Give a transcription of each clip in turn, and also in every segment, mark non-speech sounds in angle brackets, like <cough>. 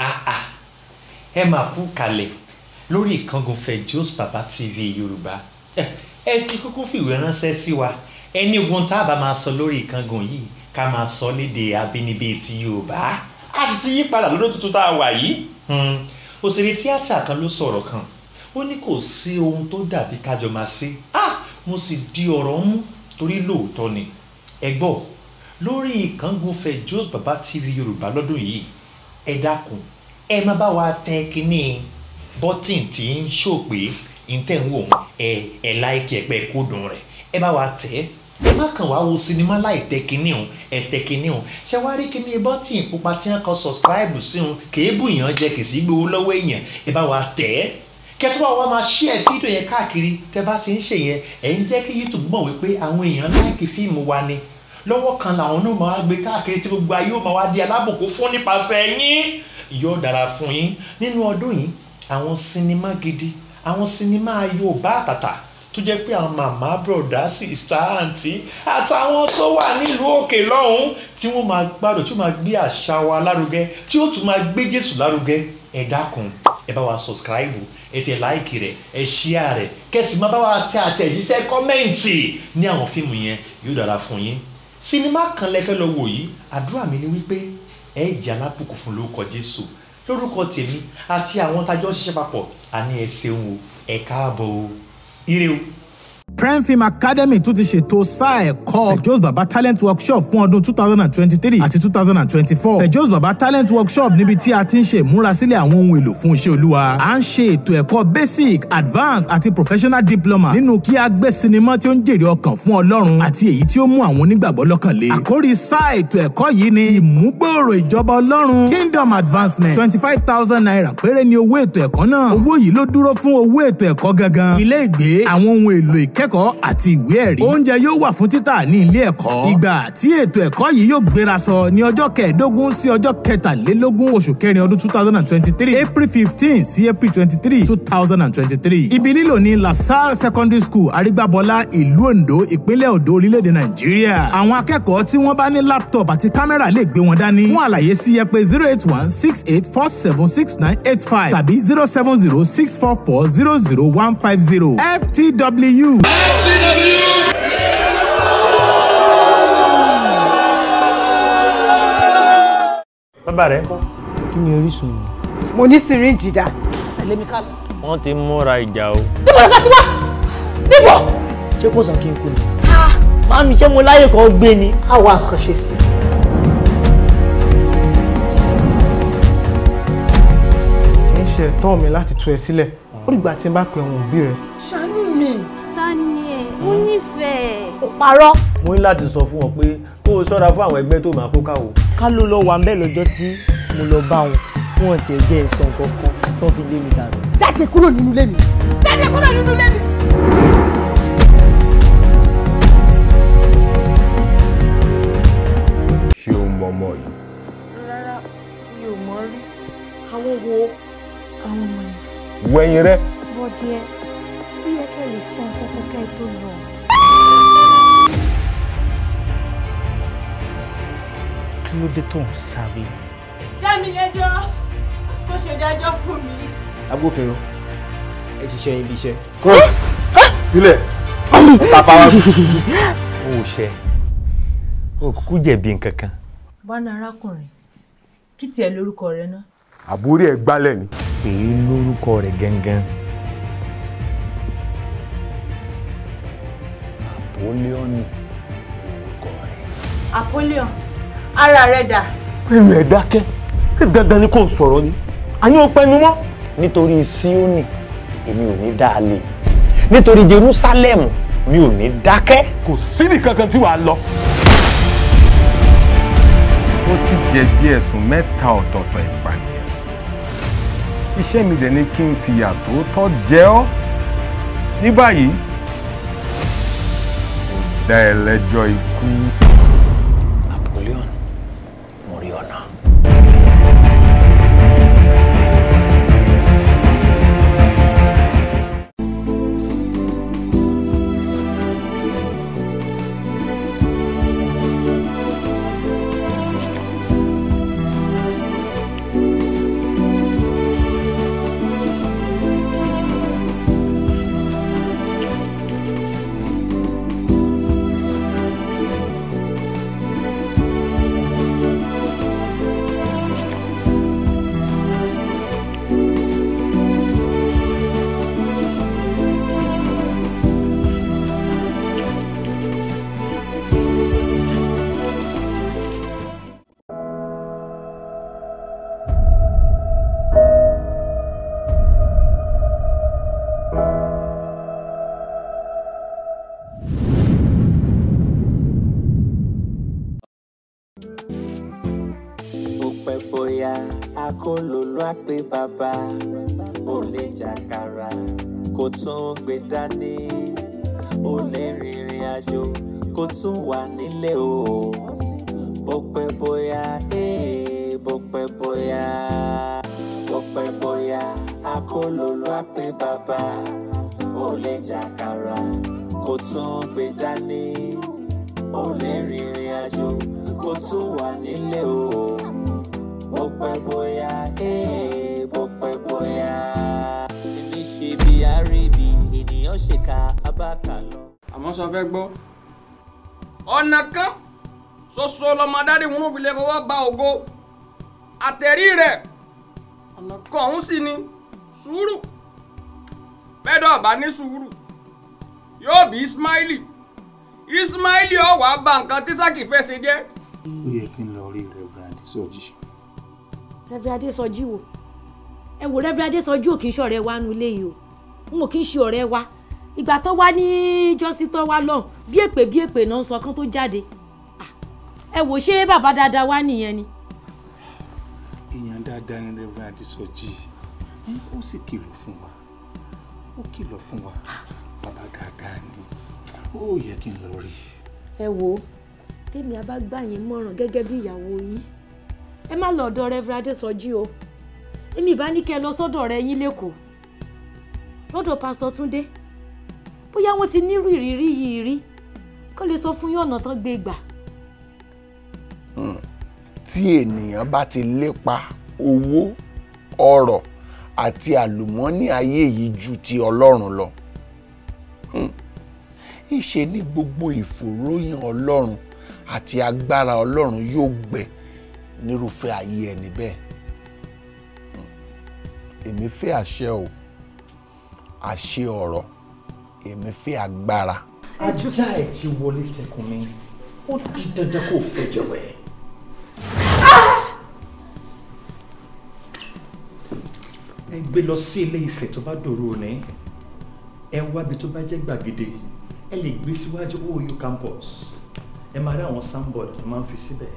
àà ah, ah. ẹ máa kú kalẹ̀ lórí ìkángun Fejosbaba baba tv yorùbá ẹ ti kúkú fìwé ránṣẹ́ sí wa ẹni ogun tá a bá máa sọ lórí ìkángun yìí ká máa sọ léde abínibí ti yorùbá a sì ti yí padà lọ́dún tuntun tá a wà yìí hmm. òṣèré tíátà kan ló sọ̀rọ̀ kan ó ní kò sí ohun tó dàbí kájọ máa ṣe ah mo sì di ọ̀rọ̀ mú torí lóòótọ́ ni ẹ gbọ́ lórí ìkángun Fejosbaba tv yorùbá lọ́dún yìí ẹ dákun ẹ má bá wa tẹ kínní bọ́tìn tí ń ṣò pé ìtẹ̀ ń wò ẹ ẹ láìkí ẹ pé kódùn rẹ̀ ẹ bá wa tẹ̀ ẹ má kàn wá wo sinimá láì tẹ kínní o ẹ tẹ kínní o ṣé wàá rí kínní bọ́tìn pupa tí wọ́n kọ sọ̀sìkíráìbù sí wọn kéébù yàn jẹ kìsì gbowó lọ́wọ́ èèyàn ẹ bá wa tẹ̀ ẹ́ kẹtùbà wa máa ṣí ẹ fídíò yẹn káàkiri tẹ bá ti ń ṣe yẹn ẹ ń jẹ́ kí YouTube mọ̀ wípé àwọn èèyàn láìkí fíìmù wa ni lọ́wọ́ kan làwọn náà máa gbé káàkiri tí gbogbo ayé ó máa wá di alábòkú fún nípasẹ̀ yín yóò dára fún yín nínú ọdún yìí àwọn sinimá gidi àwọn sinimá Yorùbá àtàtà tó jẹ́ pé àwọn màmá bùrọ̀dá sí ìsta àǹtí àtàwọn tó wà nílùú òkè lọ́hùn tí wọ́n máa gbádùn tí wọ́n máa gbé àṣà wa lárugẹ tí ó tún máa gbé Jésù lárugẹ ẹ dákun ẹ bá wa subscribe ẹ tẹ láìkì rẹ ẹ ṣíà rẹ kẹsì máa bá wa tẹ àtẹ̀jíṣẹ́ kọ́mẹ́ǹtì ní àwọn fíìmù yẹn yóò dára fún yín sinimá kan lẹ́fẹ́ lọ wò yìí àdúrà mi ni wípé ẹ jẹ́ alábùkún fún lórúkọ Jésù lórúkọ tèmi àti àwọn tájọ́ ṣiṣẹ́ papọ̀ àní ẹ ṣeun o ẹ káàbọ̀ o ire o prime film academy tún ti ṣètò sáà ẹ̀kọ́ fejos baba talent workshop fún ọdún 2023 thousand and twenty-three àti two thousand and talent workshop níbi tí a ti ń ṣe ìmúrasílẹ̀ àwọn ohun èlò fún iṣẹ́ olúwa à ń ṣe ètò ẹ̀kọ́ basic advanced àti professional diploma nínú kí a gbé sinimá tí ó ń jèrè ọkàn fún ọlọ́run àti èyí tí ó mú àwọn onígbàgbọ́ lọ́kàn le àkórí sáà ètò ẹ̀kọ́ yìí ni ìmúgbòòrò ìjọba ọlọ́run kingdom advancement twenty-five thousand naira péré ni owó ètò ẹ̀kọ́ náà owó yìí ló dúró fún owó ètò ẹ̀kọ́ gangan ilé ìgbé àwọn ohun èlò ìk ìkẹ́kọ̀ọ́ àti ìwé ẹ̀rí. oúnjẹ yóò wà fún títà ní ilé ẹ̀kọ́. ìgbà tí ètò ẹ̀kọ́ yìí yóò gbéra sọ ní ọjọ́ kẹẹ̀ẹ́dógún sí ọjọ́ kẹtàlélógún oṣù kẹrin ọdún two thousand and twenty-three april fifteen sí april twenty-three two thousand and twenty-three. ibi lílò ní lasalle secondary school arígbábọlá ìlú ondo ìpínlẹ̀ ondo orílẹ̀-èdè nàìjíríà. àwọn akẹ́kọ̀ọ́ tí wọ́n bá ní laptop àti kámẹ́rà lè gbé wọn dání. fún àlàyé sí ẹ pé zero eight one six eight four seven six nine eight five tàbí zero seven zero six four four zero zero one five zero ftw bàbá rẹ̀ ń kọ́. kí ni orísun yìí. mo ní sìríǹjì dá. tẹ̀lé mi ká lọ. wọ́n ti múra ìjà o. tí mo lọ ká ti wá níbọ̀. ṣé kò sàn kí n kú ni. máa mi ṣé mo láyè kan gbé ni. a wá nǹkan ṣe sí i. kì í ṣe ẹ̀tọ́ mi láti tú ẹ sílẹ̀ ó dìgbà tí n bá pe àwọn òbí rẹ. ṣáà parọ́. mo ní láti sọ fún ọ pé kó o ṣọ́ra fún àwọn ẹgbẹ́ tó máa kó káwọ. ká ló lọ wà ń lọ́jọ́ tí mo lọ bá wọn fún ọ̀tí ẹ̀jẹ̀ ẹ̀sọ́ kankan tó fi lé mi dànù. jáde kúrò nínú ilé jáde kúrò nínú ilé ṣé o mọ ọmọ yìí. rárá mi ò mọ rí àwọn wo àwọn ọmọ yìí. wẹ̀yìn rẹ. bọ́dẹ bí ẹ kẹ́ lè sọ nǹkan kọ́kẹ́ tó lọ. kí ló dé tó ń sáré. dámilẹ́jọ́ kó ṣe dájọ́ fún mi. agbófinró ẹ ṣiṣẹ́ yín iṣẹ́. kọ́ sílẹ̀ pàpà wa. o <laughs> ò ṣe o kúkú jẹ̀bi nǹkan kan. bánà arákùnrin kí tiẹ̀ lórúkọ rẹ ná. àbúrò ẹ̀ gbálẹ̀ ni. pè é lórúkọ rẹ̀ gangan. Napoleon ni orúkọ rẹ̀ ara rẹ dà. ẹnu ẹ dákẹ́ ṣé dandan ni kò sọ̀rọ̀ ni àní o pẹnu mọ́. nítorí Síónì èmi ò ní dáa lé nítorí Jerúsálẹ́mù mi ò ní dákẹ́. kò síbi kankan tí wàá lọ. ó ti jẹ̀bi ẹ̀sùn mẹ́ta ọ̀tọ̀ọ̀tọ̀ ìpànìyàn iṣẹ́ mi dẹ̀ ni kí n fìyà tó tọ́ jẹ ọ́ ní báyìí kò dá ẹlẹ́jọ́ ikú. jàkàrà kó tún gbé dání ó lè rìnrìn àjò kó tún wà nílé o bó pẹ́ bóyá eh, bó pẹ́ bóyá. èmi ṣe bí àríbi ènìyàn ṣèkà abáka lọ. àmọ́ sọ fẹ́ gbọ́ ọ̀nà kan ṣoṣo lọmọ wọn ò fi lè fọwọ́ gba ògo àtẹ̀rí rẹ̀ ọ̀nà kan ọ̀hún sì ni sùúrù bẹ́ẹ̀dọ̀ ọ̀bá ní sùúrù yóò bí ismaili ismaili ọ̀wà bá nǹkan tí sákì fẹ́ ṣe jẹ́. ó yẹ kí n lọ rí rẹ́fúrẹ́ adésọjí. rẹ́fúrẹ́ adésọjí wo ẹ wo rẹ́fúrẹ́ adésọjí ò kì í ṣọ̀rẹ́ wa nulẹ̀ yìí o n ò kì í ṣe ọ̀rẹ́ wa ìgbà tó wá ní jọ́sí tó wá lọ́hùn bí èpè bí èpè náà ń sọ kán tó jáde ẹ wò ṣé bàbá dáadáa wá nìyẹn ni. èèyàn dáadáa ni rẹ́fúrẹ́ adésọjí ó sì kìlọ̀ fún wa ó kìlọ̀ fún wa bàbá dáadáa ni ó yẹ kí n lọ rí i. ẹ wo tèmi a bá gbà yín mọ̀ràn gẹ́gẹ́ bí ìyàwó yín ẹ má lọ ọ̀dọ̀ Reverend Adésọjí o èmi ìbá ní kẹ́ ẹ lọ sọ́dọ̀ rẹ yín lẹ́kọ̀ọ́ lọ́dọ̀ pásítọ̀ Túndé bóyá wọ́n ti nírú ìrírí yìí rí kó lè sọ fún yín ọ̀nà tán gbé gbà. Hmm. tí ènìyàn bá ti lépa owó ọrọ̀ àti àlùmọ́nì ayé yìí ju ti ọlọ́run lọ. Hmm. ìṣe ní gbogbo ìfòròyìn ọlọ́run àti agbára ọlọ́run yóò gbẹ nírúfẹ́ ayé ẹni bẹ́ẹ̀. Hmm. èmi fẹ́ àṣẹ o àṣẹ ọ̀rọ̀ èmi fẹ́ agbára. ajá ẹ̀ ti wọlé tẹkùn mi ó di dandan kó fẹjọ ẹ̀. ẹ gbé lọ sí ilé Ifẹ̀ tó bá dòrò ní ẹ wábi tó bá jẹ́ gbàgede ẹ lè gbé síwájú OU campus ẹ máa rí àwọn sambod tó máa ń fi síbẹ̀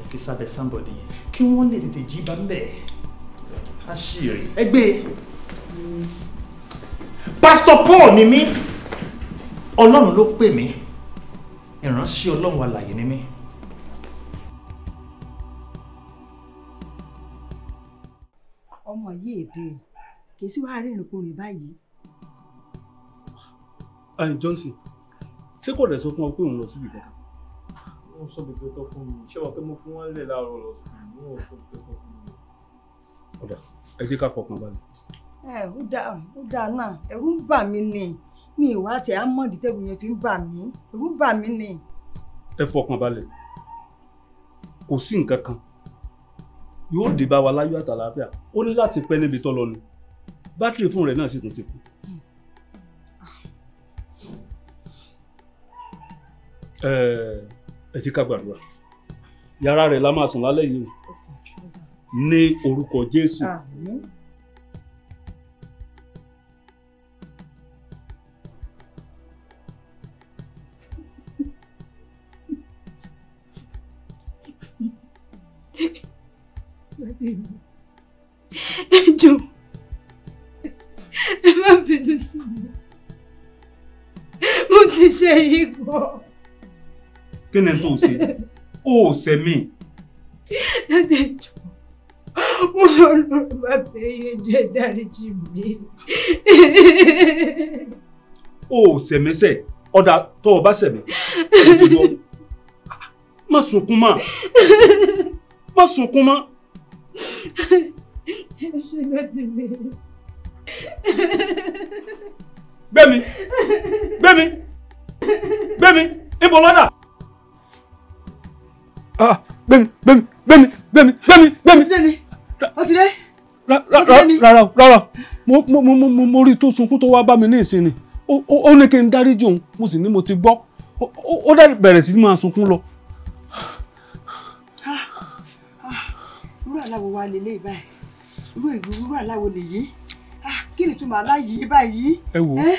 ẹ fi sábẹ́ sambod yẹn kí wọ́n lè tètè jí bá ń bẹ̀ á ṣì rí ẹ gbé Pastor Paul ni mí ọlọ́run ló pè mí ìránṣẹ́ ọlọ́run alààyè ni mí. ọmọ yìí èdè kì í sí wàá rìnrìn kò rìn báyìí. ayin ah, Johnson ṣé kò dẹ̀ sọ fún ọ pé òun lọ síbi kankan. wọ́n sọ bí pẹ́tọ́ fún mi ṣé wàá pé mo fún wọn lè láàárọ̀ lọ sùn mí wọ́n sọ bí pẹ́tọ́ fún mi. ọ̀dà ẹ jẹ́ ká fọkàn balẹ̀. ẹ ó dáa ó dáa náà ẹ̀rù ń bà mí ni mi ìwà àti àmọ́dí tẹ́gu yẹn fi ń bà mí ẹ̀rù bà mí ni. ẹ fọkàn balẹ̀ kò sí nǹkan kan yóò dé bá wa láyọ̀ àtàlàáfíà ó ní láti pẹ́ níbi tó lọ ni bátìrì fóònù rẹ̀ náà sì tún ti kú. ẹ ti ká gbàdúrà yàrá rẹ̀ la máa sùn lálẹ́ yìí ní orúkọ Jésù. Thank <laughs> you tèmi ẹ jọ̀ọ́ ẹ má bínú sí mi mo ti ṣe yìí pọ̀. kí ni tó ṣe ó ṣe mí. láti jọ mo lọ lọ bá bẹyẹ jẹ dáríjì mi. ó ṣẹ̀mẹ́sẹ̀ ọ̀dà tó o bá ṣẹ̀mẹ́ má sunkún mọ́ má sunkún mọ́ ṣe ló ti bèrè. gbẹ̀mí gbẹ̀mí gbẹ̀mí ibo lọ́dà. Ah, gbẹ̀mí gbẹ̀mí gbẹ̀mí gbẹ̀mí gbẹ̀mí gbẹ̀mí. ọtí lẹ́ni ọtí lẹ́. rárá rárá mo rí i tó sunkún tó wá bá mi ní ìsinmi ó ní kí n dáríjì òun mo sì ní mo ti gbọ́ ó bẹ̀rẹ̀ sí máa sunkún lọ aláwo wa lélẹ̀ báyìí irú ìlú irú aláwo lèyí ah, kí ni túmọ̀ aláyìí báyìí. ẹ wo eh?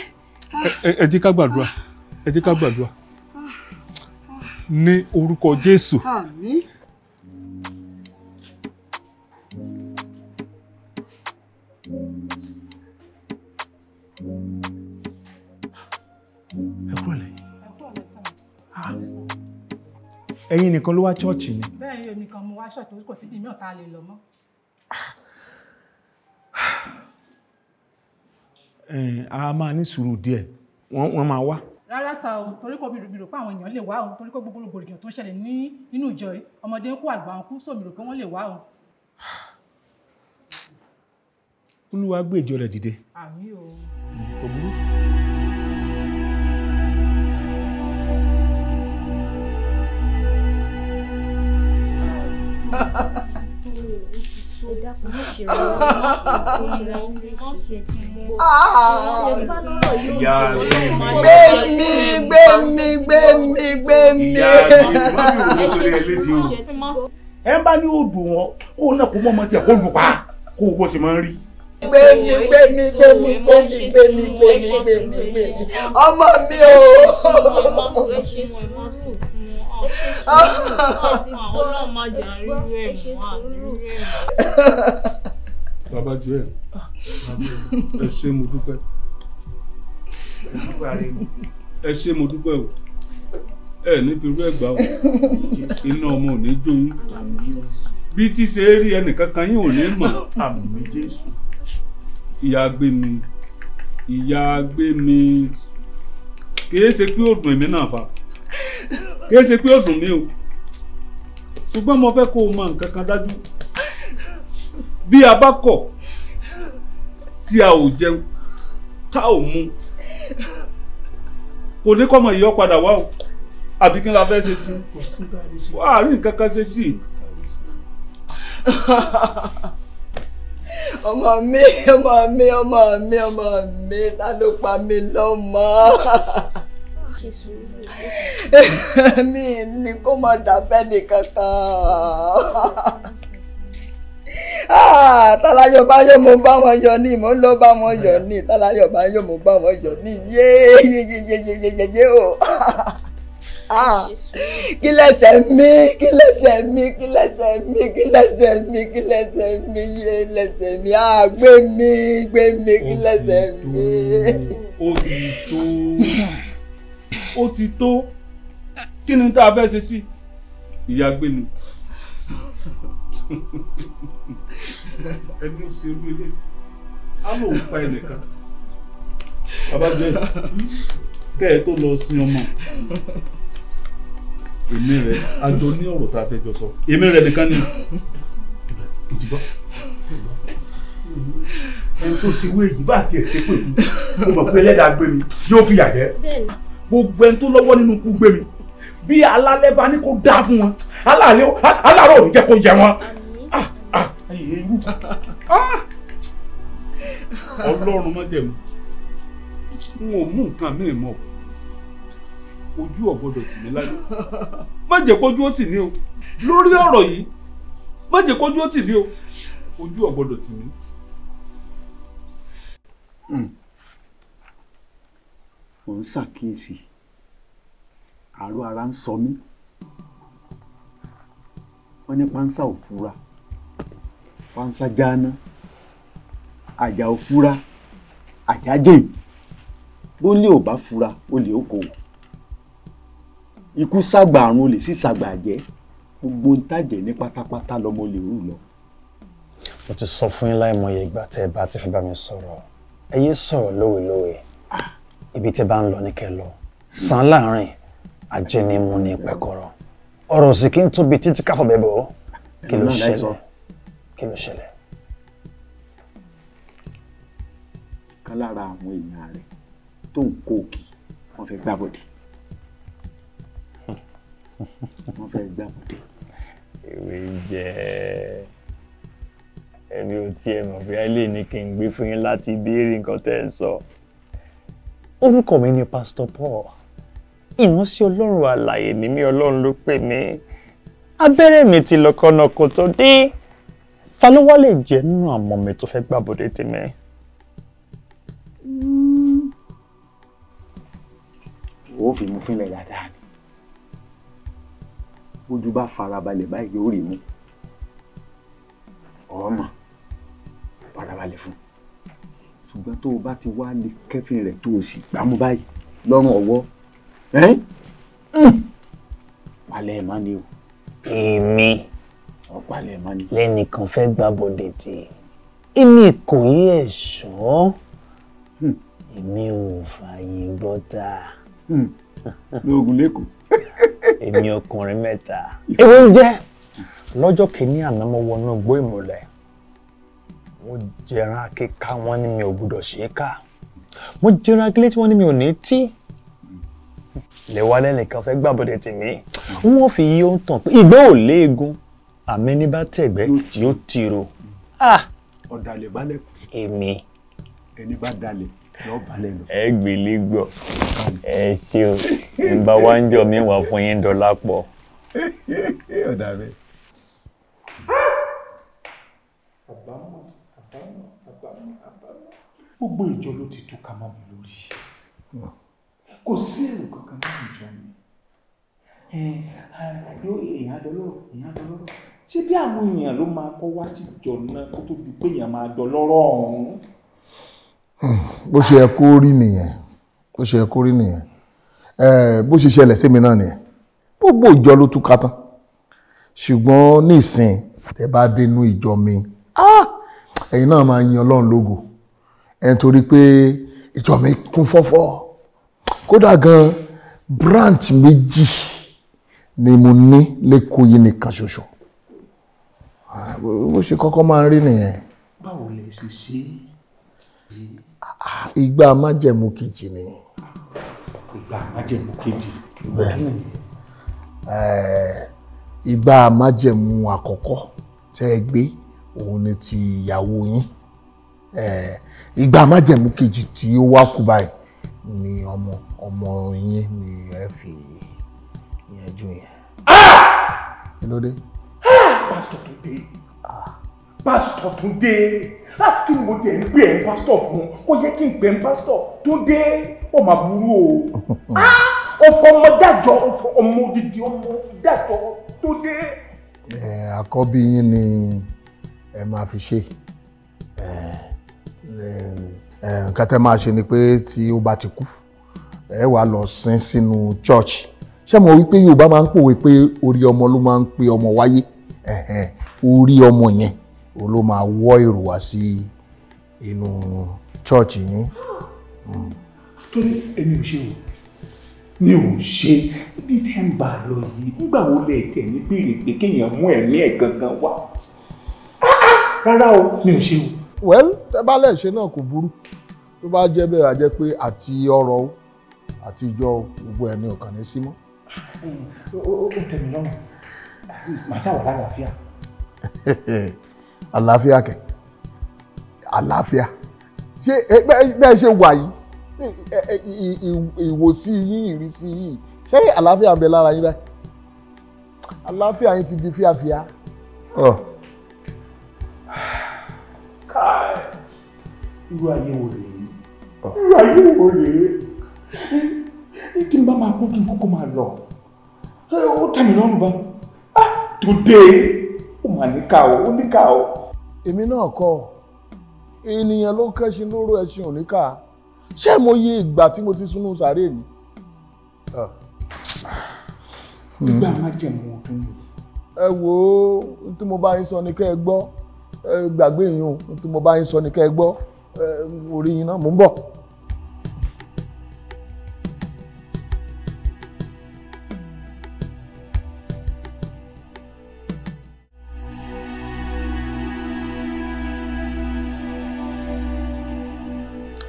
ẹ jẹ́ ká gbàdúrà ah. ẹ jẹ́ ká gbàdúrà ah. ní orúkọ Jésù. àmín. ẹ̀yin nìkan ló wá ṣọ́ọ̀ṣì ni. bẹ́ẹ̀ yóò nìkan mo wá ṣọ́ọ̀ṣì kò síbi mìíràn tá lè lọ mọ́. <sighs> a máa ní sùúrù díẹ̀ wọ́n máa wá. rárá sá o torí kò mi rò pé àwọn èèyàn lè wá òun torí kò gbogbo rògbòdìyàn tó ṣẹlẹ̀ nínú ìjọ yìí ọmọdé ń kó àgbà òun kú sómi rò pé wọ́n lè wá òun. <sighs> olúwa gbé ìjọ rẹ̀ dìde. àmín o. kò burú. gbẹmí gbẹmí gbẹmí gbẹmí. ẹ bá ní odò wọn kó náà kó mọ ọmọ tiẹ̀ kó lù pa kó o bó ṣe máa ń rí gbẹmí gbẹmí gbẹmí gbẹmí gbẹmí gbẹmí gbẹmí ọmọ mi o. Baba Joel ẹ ṣe mo dúpẹ́ ẹ ṣé mo dúpẹ́ o ẹ níbi irú o iná ọmọ ò ní jó mi ìyá mi kì ṣe pé ó dùn èmi náà kì í ṣe pé ó dùn mí o ṣùgbọ́n mo fẹ́ kó o mọ nǹkan kan dájú bí a bá kọ̀ tí a ò jẹun tá ò mu kò ní kọ́mọ ìyọ́ padà wá o àbí kí n la fẹ́ ṣe sí wà á rí nǹkan kan ṣe sí. <laughs> ọmọ mi ọmọ mi ọmọ mi ọmọ mi ta ló pa mí lọ́mọ. <laughs> ṣe sùúrù. <laughs> mi ni kó máa dàfẹ́ nìkan tán <laughs> ah, tọ́láyọ̀ bá yọ̀ mo bá wọn yọ ní mo ń lọ bá wọn yọ ní tọ́láyọ̀ bá yọ̀ mo bá wọn yọ ní yéyeyeyeyeyeye o <laughs> ah, kí lẹ́sẹ̀ mi kí lẹ́sẹ̀ mi kí lẹ́sẹ̀ mi kí lẹ́sẹ̀ mi kí lẹ́sẹ̀ mi yé lẹ́sẹ̀ mi á ah, gbé mi gbé mi kí lẹ́sẹ̀ mi ó ti tó kí ni tá a fẹ́ ṣe sí ìyá gbé ni ẹni ó ṣe irú ilé á lóun pa ẹnìkan abájọ kẹ́ ẹ tó lọ sin ọmọ èmi rẹ àjọ ní ọ̀rọ̀ tá a fẹ́ jọ sọ èmi rẹ nìkan ni ìdìbò ẹni tó ṣe wéyìí bá tiẹ̀ ṣépè fún mo mọ̀ pé ẹlẹ́dàá gbé mi yóò fìyà jẹ. bẹ́ẹ̀ni gbogbo ẹni tó lọ́wọ́ nínú ikú gbé mi bí alálẹ́ bá ní kó dáa fún wọn aláàlẹ́ aláàrọ̀ ò jẹ́ kó jẹ wọn. Ah, ah, ah. ọlọ́run má jẹ̀mú n ò mú nǹkan míì mọ́ ojú ò tì mí láyé má jẹ́ kójú ó tì mí o lórí ọ̀rọ̀ yìí má jẹ́ kójú ó tì mí o ojú ò tì mí. Mm mò ń ṣàkíyèsí àárò ara ń sọ mí wọ́n ní pánsá òfúra pánsá jáná àjà òfúra àjà jẹ̀yìn bólé ò bá fura olè ó kò ikú ságbà àrùn olè sí ságbà àjẹ́ gbogbo ń tàjẹ́ ní pátápátá lọmọ olè rú lọ. mo ti sọ fún yín láìmọye ìgbà tẹ́ ẹ bá ti fi bá mi sọ̀rọ̀ ẹ yé sọ̀rọ̀ lówe lówe ibi tí bá ń lọ ní kẹlọ san láàrin ajẹnimu ní pẹ̀kọ̀rọ̀ ọ̀rọ̀ sì kí n tóbi títí káfọ bẹbẹ ọ kí ló ṣẹlẹ̀ kí ló ṣẹlẹ̀. kan lára àwọn èèyàn rẹ tó ń kó òkè wọn fẹẹ gbá bọdẹ wọn fẹẹ gbá bọdẹ. ìwé jẹ ẹbí ò tiẹ̀ mọ̀ bí a lè ní kí n gbé fún yín láti béèrè nǹkan tẹ́ ẹ sọ. So orúkọ mi ni Pastor Paul ìránṣẹ́ ọlọ́run àlàyé ni mí ọlọ́run ló pè mí abẹ́rẹ́ mi ti lọ́kọ́nà kò tó dé ta ló wá lè jẹ́ nínú àmọ́ mi tó fẹ́ gbàbọ̀dé tèmi. ó fi mú fínlẹ̀ dáadáa ni ojú bá farabalẹ̀ báyìí yóò rí mú ọ̀rọ̀ mọ̀ farabalẹ̀ fún un ṣùgbọ́n tó o bá ti wá lè kẹ́fìn rẹ̀ tó o sì gbámú báyìí lọ́rùn ọwọ́ hmm. palẹ̀ ẹ̀ má ni o. èmi ọ̀palẹ̀ ẹ̀ má ni. lẹ́nìkan fẹ́ gbá bọ́dẹ̀ tì èmi kò yí ẹ̀ ṣọ́ hmm. èmi ò fààyè gbọ́ta. lóògùn hmm. lẹ́kọ̀ọ́. èmi ọkùnrin mẹ́ta. èwo ń jẹ́ lọ́jọ́ kìíní àná mo wọnú gbó ìmùlẹ̀ mo jẹran akéka wọn ni mi ò gbúdọ̀ ṣe é ká mo jẹran akílé tí wọn ni mi ò ní tí lẹ́wálẹ́ nìkan fẹ́ gbàbọ̀dẹ̀ tèmi wọ́n fi yí ohun tàn pé ìgbẹ́ ò léegun àmì ní bá tẹ̀gbẹ́ yóò tiro. ọ̀dàlẹ̀ balẹ̀ kù. èmi. ẹni bá dalẹ̀ lọ́ọ́ balẹ̀ lọ. ẹ gbélé gbọ́ ẹ ṣe o ìgbà wa ń jọ mi wà fún yín dọ́là pọ̀. <laughs> ọ̀dà bẹ́ẹ̀. àbámọ̀ gbogbo ìjọ ló ti tú ká mọ́ mi lórí kò sí èrò kankan nínú ìjọ mi èèyàn adọlọ́rọ̀ èèyàn adọlọ́rọ̀ ṣé bí àwọn èèyàn ló máa kọ́ wá sí ìjọ náà kó tó di pé èèyàn máa dọlọ́rọ̀ ọ̀hún. Hmm, bó ṣe yẹ kó rí nìyẹn bó ṣe yẹ kó rí nìyẹn bó ṣe ṣẹlẹ̀ sí mi náà nìyẹn gbogbo ìjọ ló tú ká tán ṣùgbọ́n nísìn tẹ́ bá dénú ìjọ mi. Ah! ẹ̀yin náà máa yin ọlọ́run lógo ẹni torí pé ìjọ mi kún fọ́fọ́ kódà gan branch méjì ni mo ní lẹ́kọ̀ọ́ yìí nìkan ṣoṣo bó ṣe kọ́kọ́ máa ń rí nìyẹn. báwo lè ṣe ṣe é. ìgbà májẹ̀mú kejì ni. ìgbà májẹ̀mú kejì. bẹ́ẹ̀ ìgbà májẹ̀mú àkọ́kọ́ tẹ́ ẹ gbé òun ni ti ìyàwó yín ìgbà májẹ̀mú kejì tí ó wá kú báyìí ni ọmọ ọmọ yín ni ẹ fi yanjú yẹn. Ah! kí ló dé. pásítọ̀ tó dé ah! pásítọ̀ tó dé ah! kí ni mo tiẹ̀ ń pè ẹ́ pásítọ̀ fún kó yẹ kí n pè ẹ́ pásítọ̀ tó dé ó mà burú o ọfọ ọmọ dájọ ọmọ odidi ọmọ dájọ tó dé. àkọ́bí yín ni ẹ máa fi ṣe nǹkan tẹ́ máa ṣe ni pé tí ó bá ti kú ẹ wà lọ sin sínú church ṣé mo wí pé Yorùbá máa ń pòwe pé orí ọmọ ló máa ń pe ọmọ wáyé orí ọmọ yẹn òun ló máa wọ́ èrò wá sí inú church yín. Hmm. torí èmi ò ṣe o mi ò ṣe bí tẹ́ ń bá a lọ yìí nígbà wo lè tẹ̀ ní bèrè pé kéèyàn mú ẹ̀mí ẹ̀ gangan wá rárá o mi ò ṣe o. well tẹ bá lè ṣe náà kò burú tó bá jẹ́ bẹ́ẹ̀ àjẹ́ pé àti ọrọ̀ o àti ìjọ gbogbo ẹ̀mí ò kàn ní sí o ó tẹ̀mí lọ́rùn màá ṣàwà lálàáfíà. <laughs> àlàáfíà kẹ àlàáfíà ṣé bẹ́ẹ̀ ṣe wà yìí ìwòsí yín ìrísí yìí ṣé àlàáfíà ń bẹ lára yín báyìí àlàáfíà yín ti di fíàfíà. Oh. irú ayé wo rèé ah. irú ayé wo rèé tí n bá máa kú kí n kúkú máa lọ ó tẹ̀mí lọ́rùn bá ah, tó dé ó mà níkà ó ó níkà ó. èmi náà kọ ènìyàn ló kẹ́sìn lóró ẹṣin òníkà ṣé mo yí ìgbà tí mo ti sunú sàárè mi. Ah. nígbà má jẹ̀mú ọdún yìí. ẹ wo tí mo bá yín sọ ni kẹ́ ẹ gbọ́ gbàgbé yín o tí mo bá yín sọ ni kẹ́ ẹ gbọ́ orí yín náà mò ń bọ̀.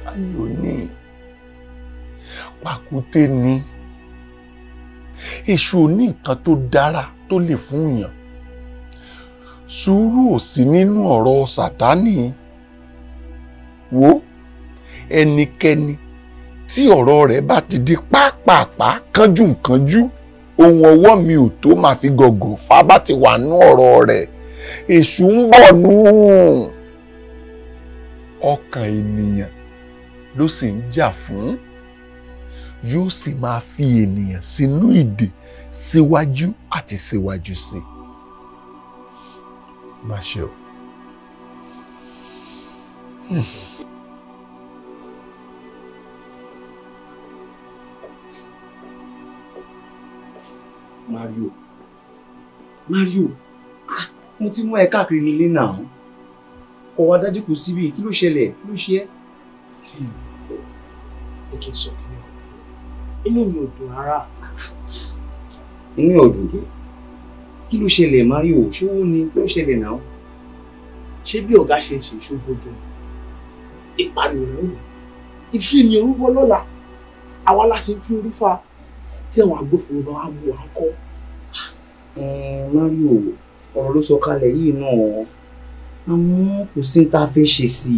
ayò ní pàkúté ni èṣù ò ní nǹkan tó dára wo ẹnikẹ́ni tí ọ̀rọ̀ rẹ̀ bá ti di pápápá kánjúkánjú ohun ọwọ́ mi ò tó máa fi gọ̀gọ̀ fa bá ti wà nú ọ̀rọ̀ rẹ̀ èṣù ń bọ̀ nù ọkàn ènìyàn ló sì ń jà fún yóò sì máa fi ènìyàn sínú ìdè síwájú àti síwájú sí i má o. Hmm. Mario Mario ah mo ti mú ẹ káàkiri nílé náà kọ wá dájú kù síbi kí ló ṣẹlẹ̀ kí ló ṣe ẹ́. àti ìlú ẹ kì í sọ kí ni inú mi ò dùn rárá. inú ò dùn dé kí ló ṣẹlẹ̀ Mario ṣówó ni kí ló ṣẹlẹ̀ náà. ṣé bí ọ̀gá ṣe ń ṣe ìṣòbójú ìpànìyàn lónìí ìfìyìn orúbọ lọ́la àwa la ṣe orí fa tí àwọn agbófinró bá wà mú wa kọ́. Eh, Mario ọ̀rọ̀ ló sọ kalẹ̀ yìí náà àmọ́ kò sí ní ta fẹ́ ṣe sí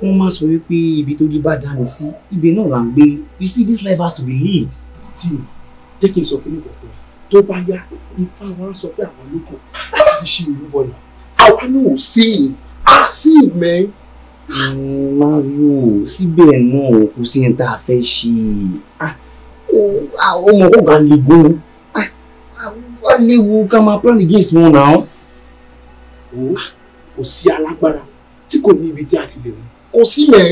i wọ́n máa sọ wípé ibi tó dé bá dání sí ibi náà là ń gbé you see this life has to be lived. steve jẹ́ kí n sọ kíní kọ̀ọ̀kan tó bá yá ifá wa sọ pé àwọn olóko láti fi ṣe ìlú bọ̀lì àwa náà ò sí i à sí i mẹ́. Hmm, Mario síbẹ̀ náà kò sí ní ta fẹ́ ṣe ah, ọmọ kò gan le gun ah. wọ́n léwu ká máa plan against wọn náà kò sí alágbára tí kò ní ibi tí a ti lè mú kò sí mẹ́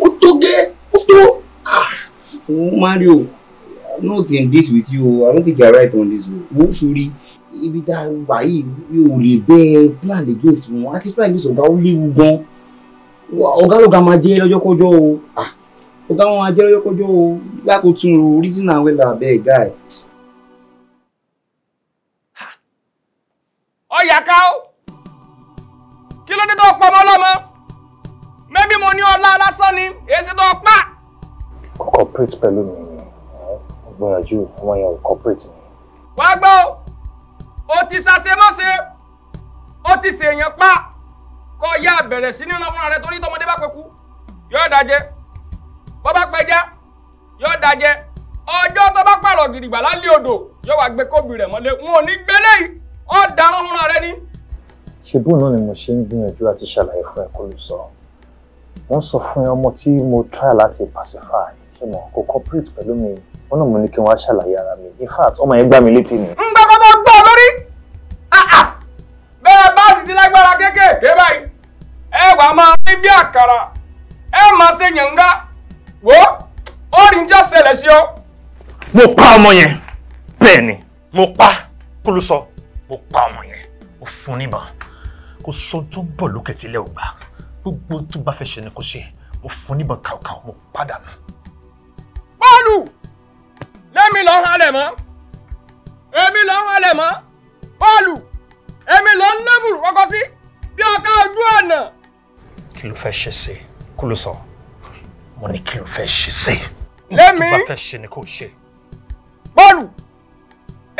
ó tó gẹ́ ó tó. Ah, Mario I'm not in this with you I don't think you are right on this one. wo sori ibi tá a wà mi ò lè bẹ́ẹ̀ plan against wọn àti plan against ọ̀gá ó léwu gan ọ̀gá lọ́gá máa jẹ́ lọ́jọ́kọ́jọ́ o. Ah oga wọn ajẹrọ yọkọjọ o lákò tún ro reason and well abeg guy. ọyà ká o kí ló dé tó pa ọmọ ọlọ́mọ mẹbí mo ní ọlá lásán ni èsì tó pa. corporate pẹ̀lú mi ni gbìyànjú àwọn èèyàn corporate ni. wàá gbọ́ o ti ṣàṣemọ́ṣe ó ti ṣèèyàn pa kó yá bẹ̀rẹ̀ sí ní ọ̀nà fúnra rẹ torí tọmọdé bá pẹ́ kú yóò dájẹ́ bó bá pẹja yóò dájẹ ọjọ́ tó bá pààrọ̀ gìrìgbà lálẹ́ odò yóò wá gbé kóbì rẹ̀ mọ́lẹ̀ wọn ò ní gbé léyìí ó dáná fúnra rẹ ni. ṣebú náà ni mo ṣe ń gbìyànjú àti ṣàlàyé fún ẹ kó lè sọ wọn sọ fún ẹ ọmọ tí mo try láti pacify ṣe mọ kò cooperate pẹ̀lú mi wọn náà mo ní kí wọn á ṣàlàyé ara mi in fact ọmọ yẹn gbá mi létí ni. ń gbàgbọ́ tó gbọ́ lórí bẹ́ẹ̀ bá sì ti lágbára kéékèèké báyìí ẹ wàá máa rí bí àkàrà ẹ máa ṣe yànga wo orin jẹ́ ṣẹlẹ̀ sí ọ. mo pa ọmọ yẹn bẹ́ẹ̀ ni mo pa kólú sọ mo pa ọmọ yẹn mo fún un níbọn kò sọ tó bọ̀ lókè tílẹ̀ ò gbà gbogbo tó bá fẹ́ ṣe ni kò ṣe mo fún un níbọn kàwọ́kàwọ́ mo padà nù. bọ́ọ̀lù lẹ́mi lọ́ọ́ halẹ̀ mọ́ èmi lọ́ọ́ halẹ̀ mọ́ bọ́ọ̀lù èmi lọ́ọ́ lẹ́mùrù kọ́kọ́ sí bí ọ̀ká ojú ọ̀nà. kí ló fẹ́ ṣe sí kólú sọ mo ní kí n fẹ́ ṣe ṣe. lẹ́mi tó bá fẹ́ ṣe ni kò ṣe. bọ́ọ̀lù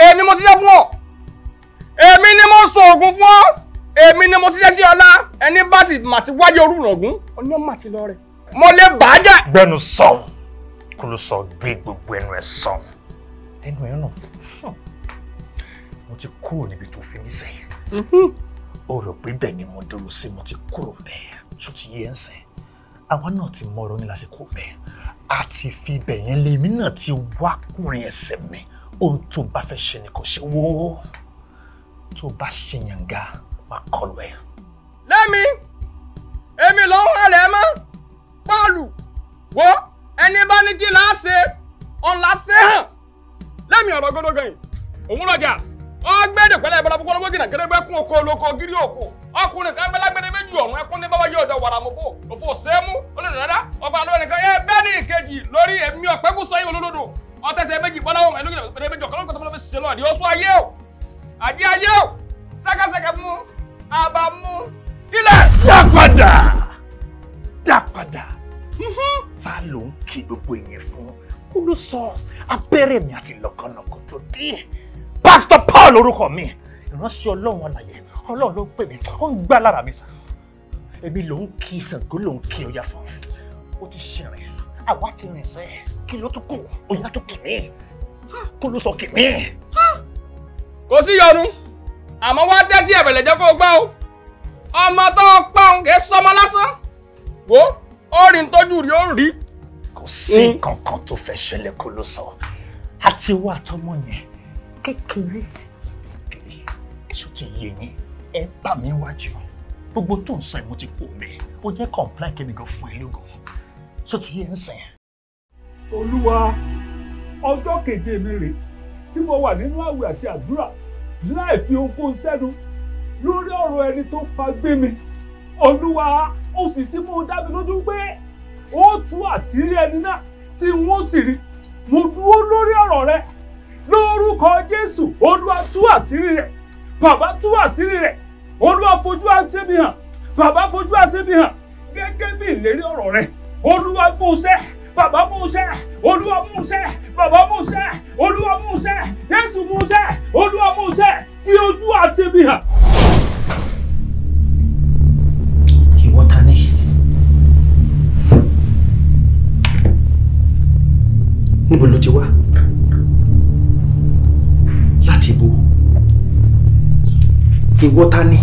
èmi mo ṣiṣẹ́ fún ọ èmi ni mo sọ ògùn fún ọ èmi ni mo ṣiṣẹ́ sí ọlá ẹni bá sì mà ti wáyé orú ìrọ̀gùn ọní ọmọ àti lọ rẹ mo lè bàá jà. gbẹnu sọhùn kó ló sọ gbé gbogbo ẹnu ẹ sọhùn ẹnu ẹ nù mo ti kúrò níbi tó fi mí sẹ́yìn o rò pé bẹ́ẹ̀ ni mo dúró sí mo ti kúrò bẹ́ẹ̀ tó ti yé ẹ̀ sẹ́yìn àwa náà ti mọ ọ̀rọ̀ ní lásìkò bẹ́ẹ̀ a ti fi ibẹ̀ yẹn lé èmi náà ti wá kùnrin ẹsẹ̀ mi ohun tó bá fẹ́ ṣe ni kò ṣe wó tó bá ṣe yànga máa kọlu ẹ. lẹ́mi èmi ló ń halẹ̀ mọ́ páàlù wo ẹni bá ní kí láṣẹ ọ̀la ṣe hàn lẹ́mi ọ̀rọ̀ gbọ́dọ̀ gan yìí òun lọ́jà ọgbẹ́dẹ̀ pẹ̀lẹ́ púpọ̀ lọ́wọ́ gìnà gẹ́gẹ́ kún oko olóko gírí òkò ọkùnrin kan bẹ́lágbẹ́ni méjì ọ̀run ẹkún ní bábá yóò dọ̀ wàrà mọ́fò òfò sẹ́mú olódòdó ọgbà lọ́wọ́ nìkan ẹ bẹ́ẹ̀ ní ìkejì lórí èmi ọ̀pẹ́kù sọ yìí olódodo ọ̀tẹ̀sẹ̀ méjì bọ́láwọ̀ ẹ̀lú ìgbẹ̀rẹ̀ méjì ọ̀kan lọ́kọ̀tọ̀ fọlọ́fẹ́ ṣiṣẹ́ lọ́ọ̀ ni ó sún ayé o àdí ayé o sẹ́kẹ́sẹ́kẹ́ mú àbá mú ilẹ̀. dá padà dá padà ta ló ń kí gbogbo ìyẹn fún olùsọ abẹ́rẹ́ mi àti lọ́kànlọ́kàn tó dé pásítọ̀ Paul orúkọ mi ìránṣẹ́ Ọlọ́run àlàyé ọlọ́run ló pè mí ó ń gbá lára mi sàn èmi ló ń kí Ṣàngó ló ń kí Ọya fún ó ti ṣẹ̀rẹ̀ àwa ti rìn sẹ́ kí ló tún kù Ọya tó kìíní kó ló sọ kìíní. kò sí yọnu àmọ́ wá dẹ́tí ẹ̀bẹ̀lẹ̀ jẹ́ kó o o ọmọ tó o pọ́n kì í sọmọ lásán wo ó rìn tójú rí ó rí. kò sí hmm. kankan tó fẹ́ ṣẹlẹ̀ kó ló sọ àti wá àtọmọ yẹn kékeré kékeré ṣó ti yé yín ẹ bá mi wájú gbogbo tó ń sọ ẹ̀ mo ti kú mi ó jẹ́ complain kí mi gan fún ẹ lógo ṣó ti yé ń sìn. olúwa ọjọ́ keje mi rèé tí mo wà nínú àwẹ̀ àti àdúrà láì fi ohunkóhun sẹ́nu lórí ọ̀rọ̀ ẹni tó pa gbé mi olúwa ó sì ti mú un dá mi lójú pé ó tú àṣírí ẹni náà tí wọ́n sì rí mo dúró lórí ọ̀rọ̀ rẹ lórúkọ jésù olúwa tú àṣírí rẹ bàbá tú àṣírí rẹ̀ olúwa fojú àṣírí hàn bàbá fojú àṣírí hàn gẹ́gẹ́ bí ìlérí ọ̀rọ̀ rẹ̀ olúwa gbóṣẹ́ bàbá múṣẹ́ olúwa múṣẹ́ bàbá múṣẹ́ olúwa múṣẹ́ jésù múṣẹ́ olúwa múṣẹ́. ìwọ ta ni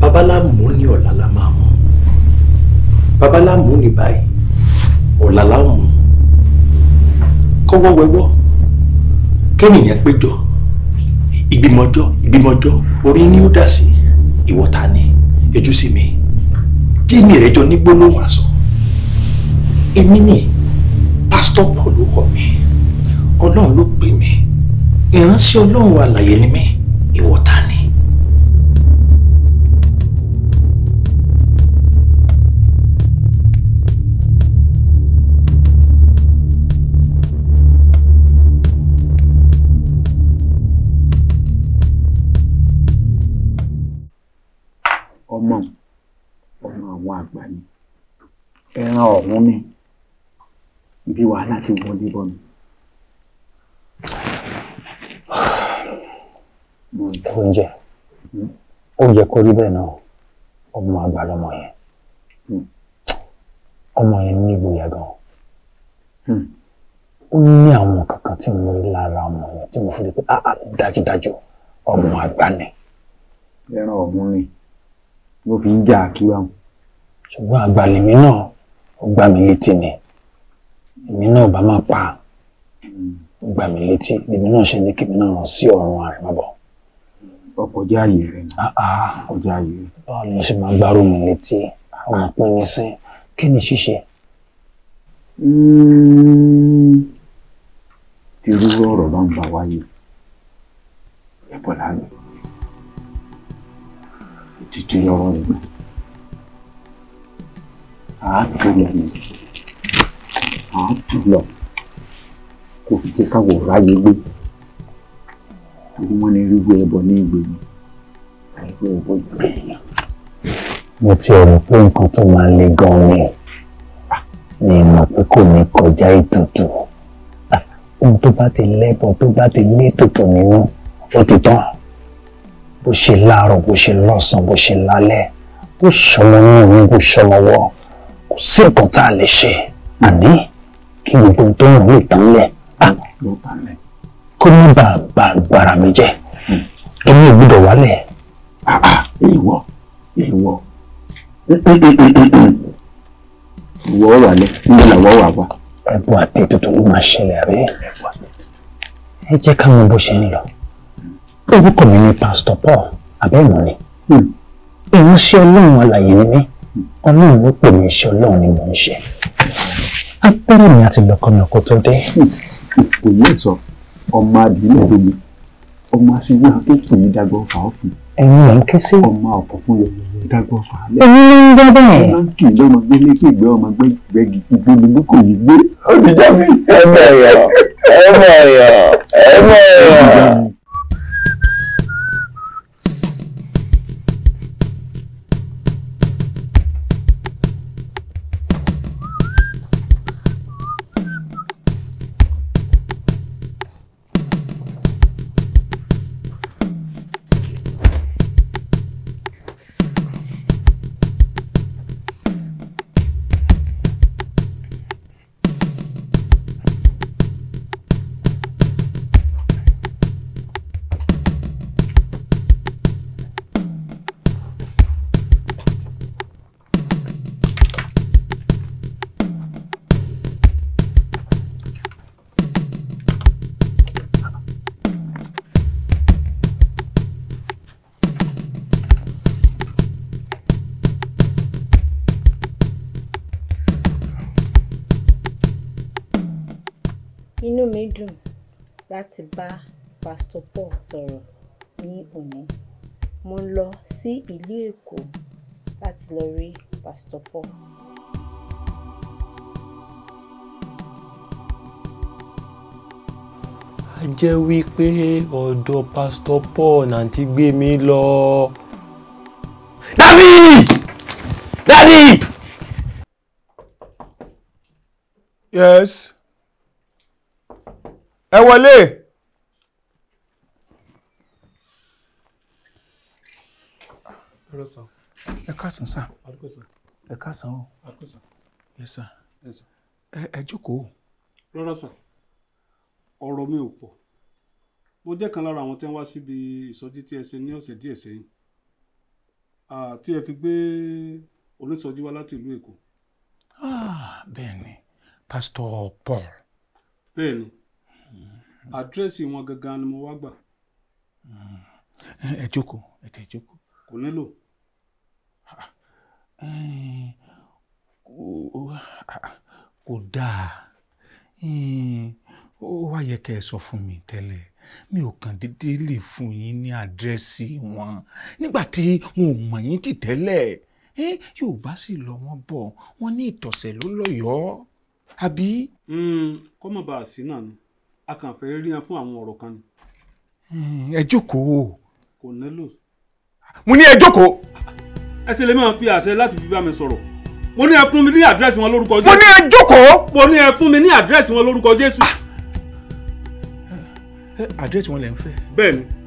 babaláàmú ni ọ̀la la máa mú babaláàmú ni báyìí ọ̀la la mú kọ́wọ́ wẹ́wọ́ kẹ́nìyàn péjọ ìgbìmọ̀jọ́ ìgbìmọ̀jọ́ orí ni ó dà sí ìwọ ta ni ojú sí mi jẹ́mi rẹ̀ jọ ní gbólóhùn àṣọ èmi ni pásítọ̀ pọ̀ ló kọ́ mi ọlọ́run ló pè mí. ìránṣẹ́ ọlọ́run alàyè ni mí ìwọ ta ni. ọmọ ọmọ àwọn àgbà ni ẹran ọ̀hún ni bí wàhálà ti wọlé bọ́ mi. tó ń jẹ ó yẹ kó rí bẹ́ẹ̀ náà ọmọ àgbà lọmọ yẹn ọmọ yẹn ní ìgboyà gan ó ní àwọn kankan tí mo rí lára ọmọ yẹn tí mo fi rí pé ah ah dájúdájú ọmọ àgbà ni. ẹran ọ̀hún ni mo fi ń jà àkíwá wọn. ṣùgbọ́n àgbà lèmi náà ó gbá mi létí ni èmi náà bá máa pa á ó gbá mi létí lèmi náà ṣe ní kí mi náà rán sí ọ̀run àrèmábọ̀ ọkọjá ààyè rẹ ah, ah. ọkọjá ààyè rẹ. báwo ni ṣe máa gbárù mi létí àwọn ìpínlẹ̀ sí kí ni ṣíṣe. Hmm. tirú ọ̀rọ̀ ló ń bá wáyé ẹ̀bọ̀ lánàá títí lọ́rọ̀ ìgbà àátúlọ̀ ni àátúlọ̀ kò fi jẹ́ káwọ̀ ráyé gbé àbí wọ́n ní ríru ẹbọ ní ìgbèmí àìkú ẹbọ ìgbèmí. mo ti rò pé nǹkan tó máa le gan-an ni ni ah, mọ̀ pé kò ní kọjá ètùtù ah, ohun tó bá ti lẹ́bọ̀ tó bá ti ní ètùtù nínú ó ti tán bó ṣe láàárọ̀ bó ṣe lọ́sàn-án bó ṣe lálẹ́ bó ṣọlọ ní òun bó ṣọlọwọ́ kò sí nǹkan tá a lè ṣe àní kí gbogbo ohun tó ń rí ìtàn kó ní bàbá gbàrà mi jẹ hmm. èmi ò gbọ́dọ̀ wálẹ̀. èèwọ̀ ah, ah, èèwọ̀ eh, eh, eh, ìwọ wà ní níbo làwọ wà wá. ẹ̀bùn àti ètùtù ló máa ṣẹlẹ̀ rẹ ẹ jẹ́ ká mọ bó ṣe ń lọ orúkọ mi ni pásítọ̀ Paul abẹ́mọ̀ ni hmm. ìránṣẹ́ Ọlọ́run alàyè ni mí Ọlọ́run ló pè mí iṣẹ́ Ọlọ́run ni mò ń ṣe abẹ́rẹ́ mi àti lọ́kọ́ mi kò tó dé. Hmm. kò yé ìtọ́ ọmọ àdìmọ̀ tóbi ọmọ aṣíwá tó pè é dágbọ́n fà á fún ẹ̀yin là ń ké sí. ọmọ ọ̀pọ̀ fún yẹn dágbọ́n fà á lẹ́. èyí ló ń jẹ́ bẹ́ẹ̀. ọmọ kì í lọ́mọ gbé lékè ìgbẹ́ ọmọ gbé ìgbẹ́gi ìgbẹ́ni kò yí gbé. ó ti ẹ mọ̀ ẹ̀yọ̀ ẹ mọ̀ ẹ̀yọ̀ ẹ mọ̀ ẹ̀yọ̀. láti bá pásítọ̀ paul sọ̀rọ̀ ní òní mo ń lọ sí ìlú èkó láti lọ rí pásítọ̀ paul. a jẹ́ wípé ọ̀dọ̀ pásítọ̀ paul nàǹtí gbé mi lọ. dadi dadi. yes ẹ wọlé. ẹ káàsán sá ẹ káàsán o ẹ sá ẹ jókòó. rárá sá ọ̀rọ̀ mi ò pọ̀ mo jẹ́ kan lára àwọn tí wọ́n wá síbi ìsọjí tí ẹ ṣe ní ọ̀sẹ̀ díẹ̀ sẹ́yìn tí ẹ fi gbé onísọjí wá láti ìlú èkó. Ah, bẹ́ẹ̀ ni pásítọ̀ paul. bẹ́ẹ̀ ni àdírẹ́sì wọn gangan ni mo wá gbà. ẹ jókòó ẹ tẹ jókòó. kò nílò. kò dáa ó wá yẹ kẹ́ ẹ sọ fún mi tẹ́lẹ̀ mi ò kàn dédé lè fún yín ní àdírẹ́sì wọn nígbà tí wọn ò mọ̀ yín tì tẹ́lẹ̀ Yorùbá sì lọ wọ́n bọ̀ wọ́n ní ìtọ̀sẹ̀ ló lọ́yọ̀ọ́ àbí. Hmm, kọ́mọ̀ bá a sí náà ni a kàn fẹ́ rí yan fún àwọn ọ̀rọ̀ kan ni. Hmm, ẹ jókòó. kò nílò. mo ní ẹ jókòó. ẹ sì lè máa fi àṣẹ láti fi bá mi sọ̀rọ̀ mo ní ẹ fún mi ní àdírẹ́sì wọn lórúkọ jésù. mo ní ẹ jókòó. mo ní ẹ fún mi ní àdírẹ́sì wọn lórúkọ jésù. Ah. àdírẹ́sì wọn lẹ ń fẹ́. bẹ́ẹ̀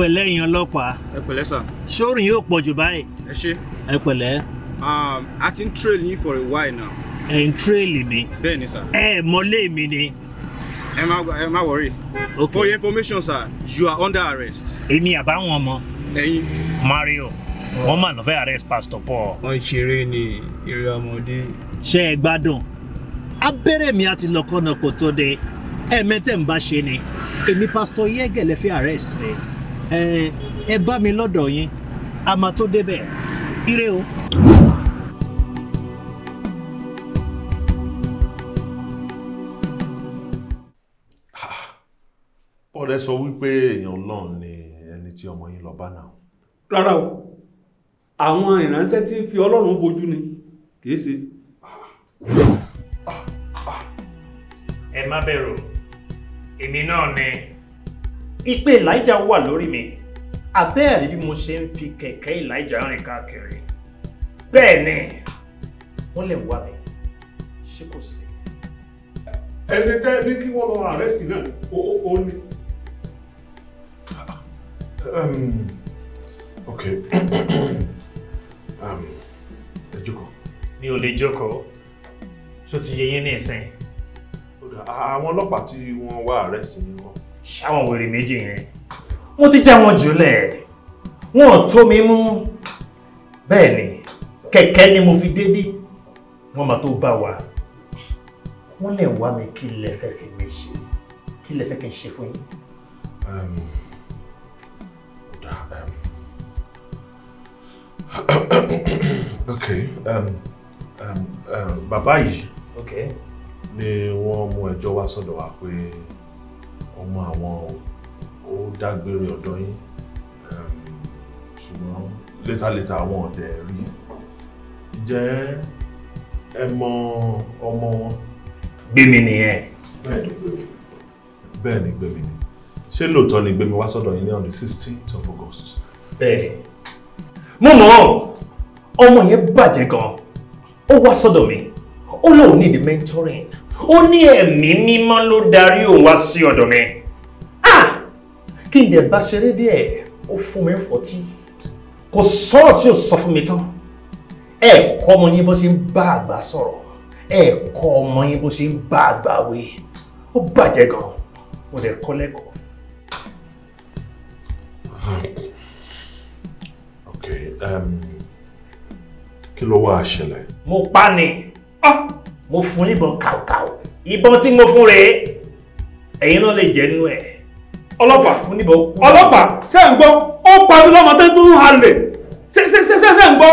pẹ̀lẹ́ ìyẹn ọlọ́pàá. ẹ pẹ̀lẹ́ sà. ṣóòrùn yóò pọ̀ jù báyìí. ẹ ṣe. ẹ pẹ̀lẹ́. Um, a ti ń trail yín for a while now. ẹ ń trail mi. bẹ́ẹ̀ni sà. ẹ mọlé mi ni. ẹ má ẹ má worry. okay for your information sir you are under arrest. èmi àbáwọn ọmọ. ẹyin. Mario wọn mà lọ fẹ́ arrest Pastor Paul. wọn ṣeré ni eré ọmọdé. ṣé ẹ gbádùn abẹ́rẹ́ mi àti lọ́kọ́nà kò tó de ẹ̀ẹ́mẹ́tẹ̀ ń bá ṣe ni èmi Pastor Yege lè fi arrest rẹ̀ ẹ bá mi lọ́dọ̀ yín a máa tó débẹ̀ ire o. ọ̀rẹ́ sọ wípé èèyàn Ọlọ́run ni ẹni tí ọmọ yín lọ bá náà. rárá o àwọn ìránṣẹ́ tí fi Ọlọ́run bojú ni kì í ṣe. ẹ má bẹ̀rù èmi náà ni ìpè Elijah wà lórí mi abẹ́ẹ̀rí bí mo ṣe ń fi kẹ̀kẹ́ Elijah rìn káàkiri bẹ́ẹ̀ ni wọ́n lè wá mi ṣé kò sí. ẹni tẹ́ ní kí wọ́n lọ ààrẹ sí náà ó ní. ok ẹ jókòó. mi ò lè jókòó tó ti yẹ yín ní ìsìn. àwọn ọlọ́pàá tí wọ́n wá ààrẹ sí ni wọ́n ṣáwọn wèrè méjì yẹn wọ́n ti já wọn jùlẹ̀ wọn ò tó mi mú bẹ́ẹ̀ ni kẹ̀kẹ́ ni mo fi débí wọ́n máa tó bá wa wọ́n lè wá mi kí lẹ fẹ́ fi mi ṣe kí lẹ fẹ́ kí n ṣe fún yín. <coughs> okay um, um, um, bàbá yìí okay. ni wọ́n mú ẹjọ́ wá sọ́dọ̀ wa pé. Okay ọmọ àwọn ó dágbére ọ̀dọ̀ yín um, ṣùgbọ́n létàlétà àwọn ọ̀dẹ̀ rí ǹjẹ́ ẹ mọ ọmọ wọn. gbémi nìyẹn. bẹ́ẹ̀ ni gbémi ni ṣé lóòótọ́ ni gbémi wá sọ́dọ̀ yín ní on the sixteenth of August. bẹ́ẹ̀ mo mọ̀ ọmọ yẹn bàjẹ́ gan-an ó wá sọ́dọ̀ mi ó lóun ní the mentoring ó ní ẹ̀mí mímọ́ ló darí òun wá sí ọ̀dọ̀ mi ah! kí n dẹ̀ bá ṣeré díẹ̀ ó fún mi fọ́tí kò sọ̀rọ̀ tí ò sọ fún mi tán ẹ̀kọ́ ọmọ yín bó ṣe ń bá àgbà sọ̀rọ̀ ẹ̀kọ́ ọmọ yín bó ṣe ń bá àgbà wí ó bàjẹ́ gan mo lè kọ́ lẹ́kọ̀ọ́. ok kí ló wá ṣẹlẹ̀. mo pa ni. Ah! mo fún níbọn kàwkàw ìbọn tí mo fún rèé ẹ̀yin náà lè jẹ́ nínú ẹ̀. ọlọ́pàá fún níbọn kú. ọlọ́pàá ṣé ń gbọ́ ó pa mí lọ́mọ tó tó ń halẹ̀ ṣé ń gbọ́.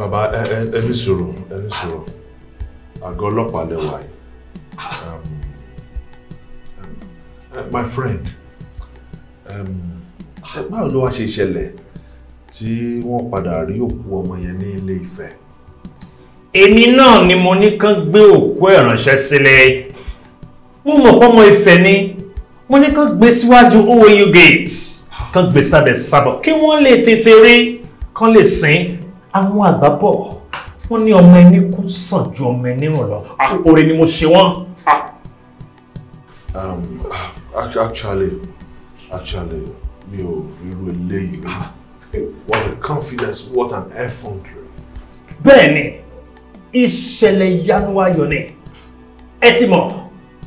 bàbá ẹ ní sùúrù ẹ ní sùúrù àgọ́ ọlọ́pàá lè wà my friend báwo ló wá ṣe ṣẹlẹ̀ tí wọ́n padà rí òkú ọmọ yẹn ní Ilé-Ifẹ̀ èmi náà ni mo ní kán gbé òkú ẹ̀ ránṣẹ́ sílé mo mọ̀ pọ́mọ Ifẹ̀ ni mo ní kán gbé síwájú OAU gate kán gbé sábẹ̀ sábọ̀ kí wọ́n lè tètè rí kán lè sìn àwọn àgbà bọ̀ wọ́n ní ọmọ ẹni kú sàn ju ọmọ ẹni rùn lọ àkórè ni mo ṣe wọ́n. Um, actually actually mi ò irú eléyìí lọ what a confidence what an effort! bẹ́ẹ̀ ni ìṣẹ̀lẹ̀ ìyanu ayọ̀ ni ẹ ti mọ̀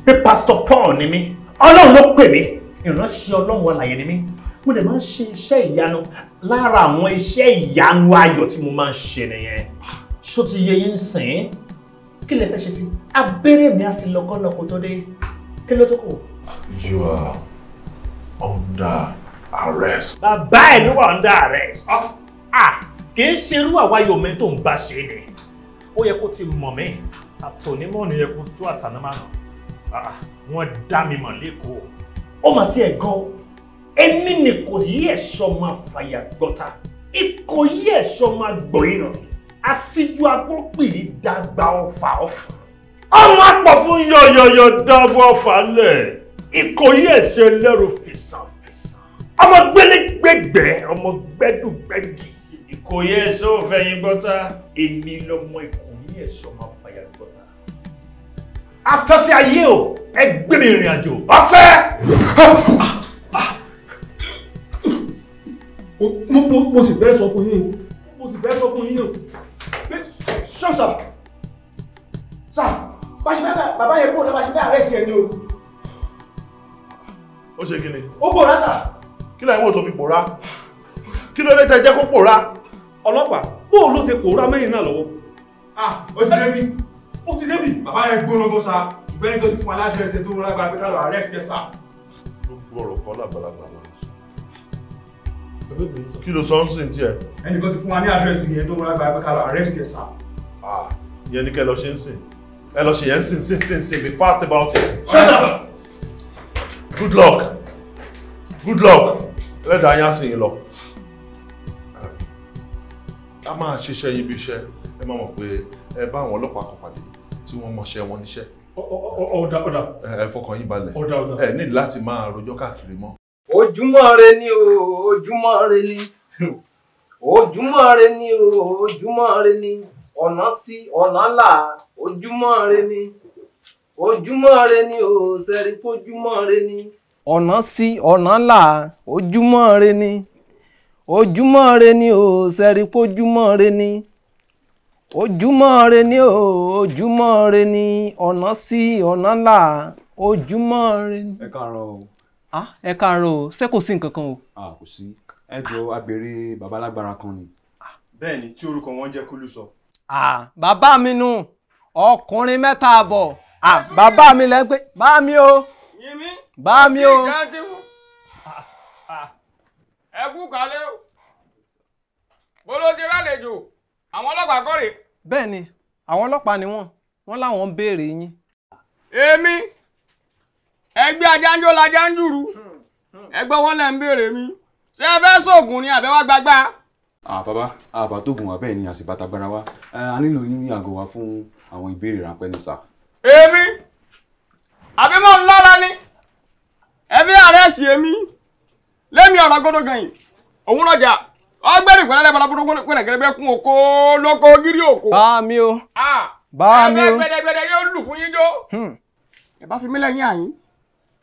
pé pásítọ̀ Paul ni mí ọlọ́run ló pè mí ìránṣẹ́ ọlọ́run alàyè ni mí mo dẹ̀ máa ń ṣe iṣẹ́ ìyanu lára àwọn iṣẹ́ ìyanu ayọ̀ tí mo máa ń ṣe nìyẹn ṣó ti yẹ yín sìn kí lè fẹ́ ṣe sí abẹ́rẹ́ mi àti lọ́kọ́lọ́kọ́ tó dé kí ló tó kù. you are under arrest. bàbá ẹ̀ ló wà under arrest. Ah, kì í ṣerú àwa yòómẹ́ tó ń bá ṣe ni ó yẹ kó ti mọ̀ mí àtònímọ̀ ni yẹ kó tó àtànámà náà wọ́n dá mi mọ̀ lẹ́kọ̀ọ́ ó mà tiẹ̀ gan èmi ni kò yí ẹ̀ṣọ́ máa fàyà gbọ́ta ikọ̀ yí ẹ̀ṣọ́ máa gbọ̀yìnà aṣíjú agbópìrì dàgbà ọ̀fà ọ̀fà ọmọ àpọ̀ fún yọ̀yọ̀yọ̀ dábọ̀ ọ̀fà lẹ̀ ikọ̀ yí ẹ̀ṣẹ̀ lẹ́rù fìsànfìsàn ọmọ gbẹ́lẹ́gbẹ́gbẹ́ ọmọ gbẹ́dùgbẹ́gì ikọ̀ yí ẹ̀ṣọ́ fẹ̀yìn gbọ́ta èmi lọmọ ikùn yín ẹ̀sọ́ máa fàyà gbọ́ta. afẹ́fẹ́ ayé o ẹ gbé mi ìrìn àjò ọ̀fẹ́. mo sì fẹ́ sọ fún yín o mo sì fẹ́ sọ fún yín o ṣọ́ọ̀ṣà ṣá bá ṣe fẹ́ bàbá yẹn bò náà bá ṣe fẹ́ àrẹ́sì ẹni o. ó ṣe kí ni. ó pòórá ṣá. kí ló ń wò tó fi pòórá kí ló lè tẹ jẹ́ kó pòórá. ọlọ́pàá bó o ló ṣe pòórá mẹ́yìn náà lọ́wọ́. ah o ti débi o ti débi. bàbá yẹn gbórógbó sa ìgbẹ́ni tó ti fún aládìrẹ́sẹ̀ tó ń lágbára pé ká lọ arrest ẹ sá. gbogbo ọ̀rọ̀ kan làgbàlagbà máa ń sọ. kí ló sọ ń sìn tiẹ̀. ẹnì kan ti fún wa ní àdírẹ́sì yẹn tó ń lágbára pé ká lọ arrest ẹ sá. ah ìyẹn ni kẹ́ lọ ṣe ń sìn ẹ lọ ṣe yẹn ń sìn sìn sìn be fast about it. shut up. good luck good luck ẹlẹ́dàá yá sìn yín lọ a máa ṣiṣẹ́ yín bí iṣẹ́ ẹ máa mọ̀ pé ẹ bá àwọn ọlọ́pàá kan pàdé tí wọ́n mọṣẹ́ wọn níṣẹ́. ọ̀dà ọ̀dà. ẹ fọkàn yín balẹ̀ ọ̀dà ọ̀dà. ẹ nílò láti máa rojọ́ káàkiri mọ́. ojúmọ́ ire ni o ojúmọ́ ire ni ojúmọ́ ire ni o ojúmọ́ ire ni ọ̀nà sí ọ̀nà là ojúmọ́ ire ni ojúmọ́ ire ni o sẹ́rí kójúmọ́ ire ni. ọ̀nà sí ọ̀nà là ojúmọ́ ire ni ojúmọ́ re ni o sẹ́rí pójúmọ́ re ni ojúmọ́ re ni o ojúmọ́ re ni ọ̀nà sí ọ̀nà là ojúmọ́ re ni. ẹ káàárọ̀ o. ah ẹ káàárọ̀ o ṣé kò sí nǹkan kan o. ah kò sí ẹ jọ abèrè babalágbára kan ni. bẹ́ẹ̀ ni tí orúkọ wọn jẹ́ Kúlúsọ. ah bàbá mi nù ọkùnrin mẹ́ta àbọ̀ ah bàbá mi lẹ́ ń bá mi o bá mi o ẹ kú kalẹ̀ o bolo ti rálejò àwọn ọlọ́pàá kọ́ rè. bẹ́ẹ̀ ni àwọn ọlọ́pàá ni wọ́n wọ́n láwọn ń béèrè yín. èmi ẹgbẹ́ ajáńjó la jáńjúru ẹgbẹ́ wọn lẹ́ ń béèrè mi ṣé ẹ fẹ́ sóògùn ni àbẹ́wá gbagbá. àbábá àbá tó gùn wá bẹ́ẹ̀ ni àṣìbáta gbára wa a nílò yín ní àgọ́ wa fún àwọn ìbéèrè ráńpẹ́ ní sà. èmi àbí mo ń lọ́ra ni ẹ fi àárẹ̀ sí èmi lẹ́mi ọ̀rọ̀ gbọ́dọ̀ gẹ̀yìn òun lọ́jà ọgbẹ́rì ìpínlẹ̀ balabolo gbẹ̀rẹ̀gẹ̀rẹ̀ kún oko lóko gírí oko. bá mi o bá mi o ẹgbẹ́ gbẹdẹgbẹdẹ yóò lù fún yín jó hmm. ẹ bá fi mí lẹ́yìn àyín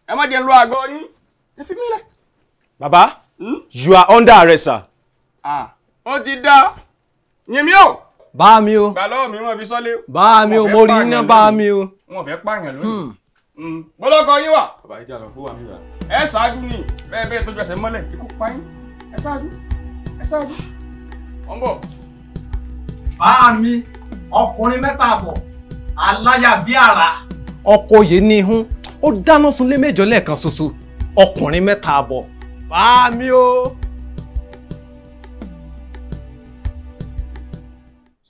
ẹ má jẹ́ ń àgọ́ yín ẹ fi mí baba hmm? you are under arrest sir. ó ti dá yín mi o. bá mi o gbà mi wọ́n fi sọ́lé. bá mi o mo rí iná bá mi o. wọn ò fẹ́ pààyàn lónìí. Hmm. bọ́lọ́kọ yín wà. bàbá ìjà lọ fún wa mi rà ẹ ṣáájú ni bẹ́ẹ̀ bẹ́ẹ̀ tójú ẹsẹ̀ mọ́lẹ̀ ikú pa yín ẹ ṣáájú ẹ ṣáájú ọ̀n bọ̀. báà mi ọkùnrin mẹ́ta bọ̀ aláya bíi àrà. ọkọ yìí ní ihun ó dáná sunlé mẹ́jọ lẹ́ẹ̀kan ṣoṣo ọkùnrin mẹ́ta bọ̀ báà mi o.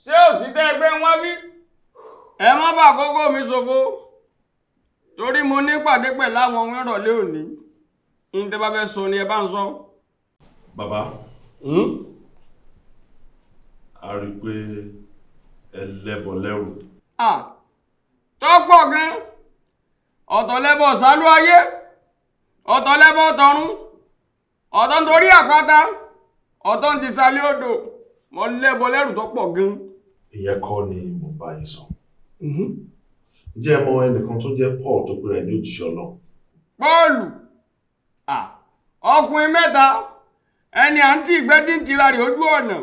ṣé òsì tẹ́ ẹgbẹ́ ń wá bí ẹ má bàa kókó mi ṣòfò torí mo ní pàdé pẹ̀lú àwọn ohun ìrọ̀lẹ́ òní ń tẹ́ bá fẹ́ sọ ni ẹ bá ń sọ. bàbá hmm? a rí i pé ẹ lẹ́bọ̀ lẹ́rù. tọ́pọ̀ gan ọ̀tọ̀ lẹ́bọ̀ sálú ayé ọ̀tọ̀ lẹ́bọ̀ tọ̀run ọ̀tọ̀ nítorí àpáta ọ̀tọ̀ ń ti sálẹ̀ odò mo lẹ́bọ̀ lẹ́rù tọ́pọ̀ gan. ìyẹn kọ́ ni mo bá yín sọ mhm. jẹ́ mọ ẹnìkan tó jẹ́ Paul tó pera ní òjíṣẹ́ Ọlọ́run. Pọ́ọ̀lù ọkùnrin mẹ́ta ẹni à ń tí ìgbẹ́ dín tira rè ojú ọ̀nà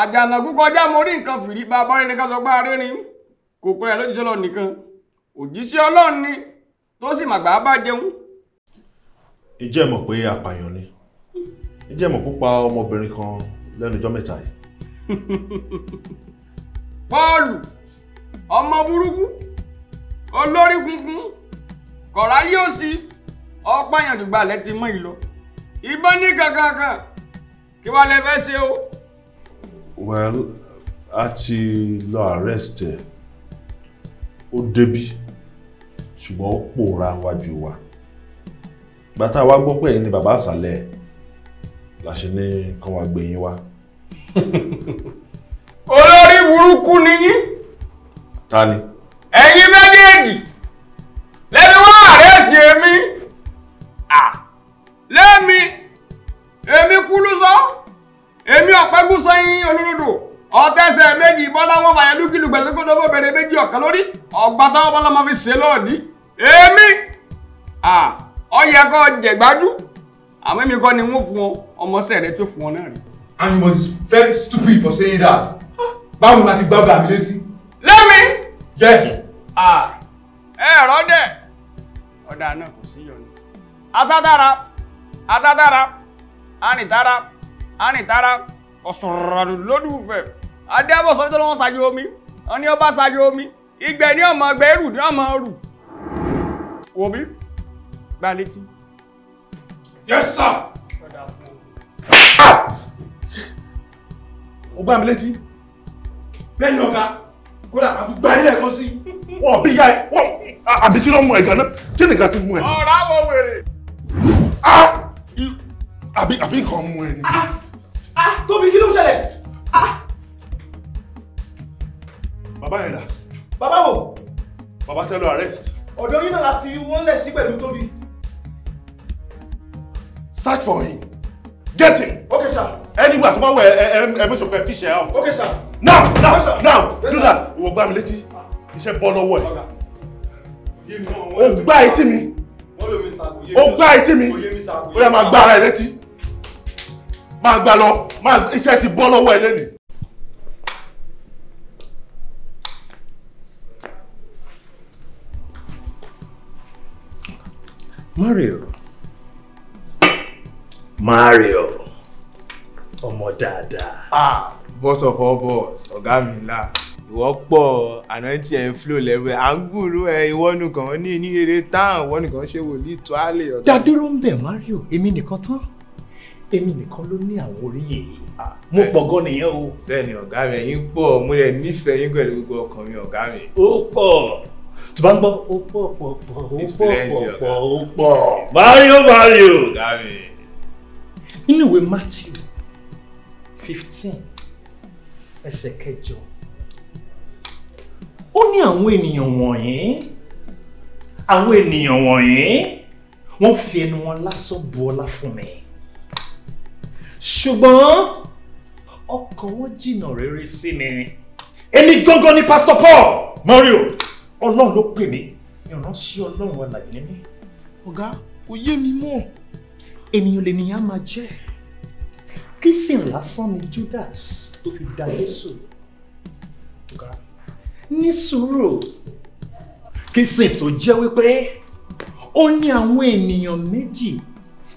àjànàkú kọjá mo rí nǹkan fìrí bá a bá rẹ́ni ká sọ pé arẹ́rin kò pẹ́rẹ́ lójú sọ́lọ́ nìkan òjíṣẹ́ ọlọ́run ni tó sì màgbà bá jẹun. ìjẹ́ mọ̀ pé àpàyàn ni ìjẹ́ mọ̀ púpa ọmọbìnrin kan lẹ́nu ọjọ́ mẹ́ta yìí. <laughs> pọ́ọ̀lù ọmọ burúkú olórí kunkun kọ̀ráyé òsì. ọ̀páyàndùgbà lẹ ti mọ́ ìlọ ìbọn ní kankankan kí wàá lẹ fẹ́ ṣe o. well a ti lọ arrest ẹ ó débi ṣùgbọ́n ó pòórá wájú wa gbàtà wa gbọ́ pé ẹ̀yin ni bàbá àṣàlẹ̀ la ṣe ní kán wa gbé yín wá. <laughs> olórí burúkú ni yín. ta ni. ẹ̀yin méjèèjì lẹ́nu wá àrẹ́sì èmi. yín olódòdó ọ̀tẹ́sẹ̀ méjì bọ́lá wọn fàyẹ lúkìlù gbẹ̀sẹ̀kọ́dọ̀ owó bèrè méjì ọ̀kan lórí ọgbà táwọn bọ́lá máa fi ṣe lọ́ọ̀dí èmi ọyẹ kọ́ jẹ̀gbádùn àwọn èmi kọ́ ni wọ́n fún ọ ọmọọṣẹ́ rẹ tó fún ọ náà rí. and you was very stupid for saying that báwo ni a ti gbàgbà mi létí. lẹ́mi. yes. ẹ ẹ̀rọ dẹ̀ ọ̀dà náà kò sí yọ̀nù. asátára asátára anìtára anìtára ọ̀sọ̀rọ̀rọ̀ lólùfẹ́ adébọ̀sọ tó lọ́wọ́ ṣàjò omi wọn ni ọba ṣàjò omi ìgbẹ́ ní ọmọ ọgbẹ́ ẹrù ní ọmọ ọrù wò mí gba létí. yes sir. ó gbá mi létí bẹ́ẹ̀ ni ọ̀gá kódà àdúgbò ayé ẹ̀kọ́ sí wọn bí ya ẹ wọn àbí kí ló mú ẹ ganan kí nìkan ti mú ẹ. ọ̀rọ̀ àwọn wèrè. Ah! àbí àbí nǹkan mú ẹ nìyẹn ah tóbi kí ló ṣẹlẹ̀ ah. Baba yẹn Baba, bàbá wo. bàbá tẹ́ lọ arrest. ọ̀dọ̀ yín náà la fi wọ́n lẹ̀ sí pẹ̀lú tóbi. search for him get him. okay sir. anywhere tó bá wọ ẹ ẹ ẹ fish out. okay sir. now now now do that ìwọ gbá mi létí ah. iṣẹ́ said, lọ́wọ́ ẹ. o gbá etí mi o gbá etí mi o yà máa gbá ara ẹ létí máa gbà lọ iṣẹ́ ti bọ́ lọ́wọ́ ẹ lẹ́nu. Mario Mario ọmọ dáadáa. ah boss of all boss ọ̀gá mi ńlá ìwọ pọ̀ àná tí ẹ ń flow lẹ́rú ẹ à ń gbúrú ẹ ìwọ nìkan ní ní rere tán ìwọ nìkan ṣe wòlíì tó á lè ọ̀gá. dá dúró ń bẹ̀ Mario èmi nìkan tán èmi nìkan ló ní àwọn oríyè yìí ah, mo pọ̀ gan nìyẹn o. bẹ́ẹ̀ni ọ̀gá mi ẹ̀yin pọ̀ mo rẹ nífẹ̀ẹ́ yín pẹ̀lú gbogbo ọkàn mi ọ̀gá mi. ó pọ̀ tó bá ń gbọ́ ó pọ̀ pọ̀ pọ̀ ó pọ̀ pọ̀ pọ̀ ó pọ̀ mario mario. ọ̀gá mi. nínú ìwé matthew fifteen ẹsẹ̀ kẹjọ ó ní àwọn ènìyàn wọ̀nyí àwọn ènìyàn wọ̀nyí wọ́n fi ẹnu wọn lásán bu ọlá fún mi ṣùgbọ́n ọkàn wọn jìnnà rere sí mi èmi gangan ni Pastor Paul Mario ọlọ́run ló pè mí ìránṣẹ́ ọlọ́run alàyè ni mí. ọ̀gá kò yé mi mọ́ ènìyàn lènìyàn máa jẹ́ kí sì lásán ni Judas tó fi da Jésù ọ̀gá ní sùúrù kí sì tó jẹ́ wípé ó ní àwọn ènìyàn méjì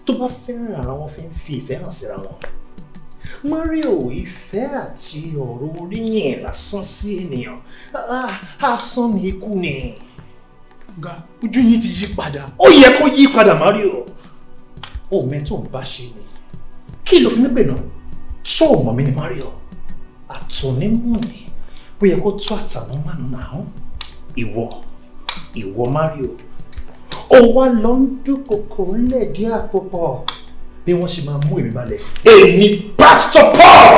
tó bá fẹ́ràn ara wọn fi ń fi ìfẹ́ hàn síra wọn. Mario ìfẹ́ àti ọ̀rọ̀ oríyìn lásán sí ènìyàn ah, asán ni ikú ni. Ga ojú yín ti yí padà. Ó yẹ kó yí padà Mario. Ó mẹ́tò ń bá ṣe ni. Kí ló fi mí pè náà? Ṣé o mọ̀ mí ni Mario? Àtọ̀nímù ni. Ó yẹ kó tó àtàwọn mánu náà. Ìwọ, ìwọ Mario ó wá lọ ń dúnkòkò ńlẹ̀ díẹ̀ àpò pọ̀ bí wọ́n ṣe máa mú èmi balẹ̀ èmi pásítọ̀ Paul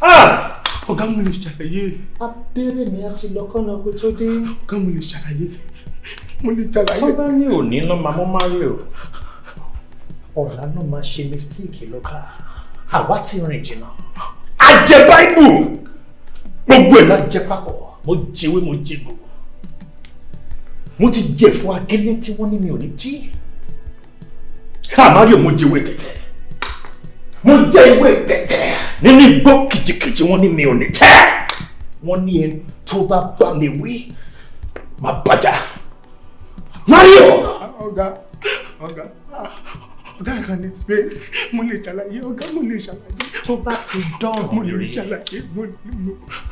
ah! ọ̀gá mi lè ṣàlàyé. abẹ́rẹ́ mi àti lọ́kànnà kò tó dé. ọ̀gá mi lè ṣàlàyé mo lè ṣàlàyé. sábà ní òní ló máa mú mario ọ̀la náà máa ṣe mistake lọ́ka àwa ti rìn jìnnà. a jẹ báíbù gbogbo ẹ̀ la jẹ papọ̀ mo jẹwé mo jẹ gbogbo mo ti jẹ fún akíní tí wọ́n ní mi ò ní jí àmárí òun jẹ ewé tẹ̀tẹ̀ mo jẹ ewé tẹ̀tẹ̀ nínú igbó kìjìkìjì wọ́n ní mi ò ní tẹ́ wọ́n ní ẹni tó bá bá mi wí má bàjá mario. ọ̀gá ọ̀gá ọ̀gá ìkànnì spain mo lè ṣàlàyé ọ̀gá mo lè ṣàlàyé. tó bá ti dán ọ̀rọ̀ rí nígbà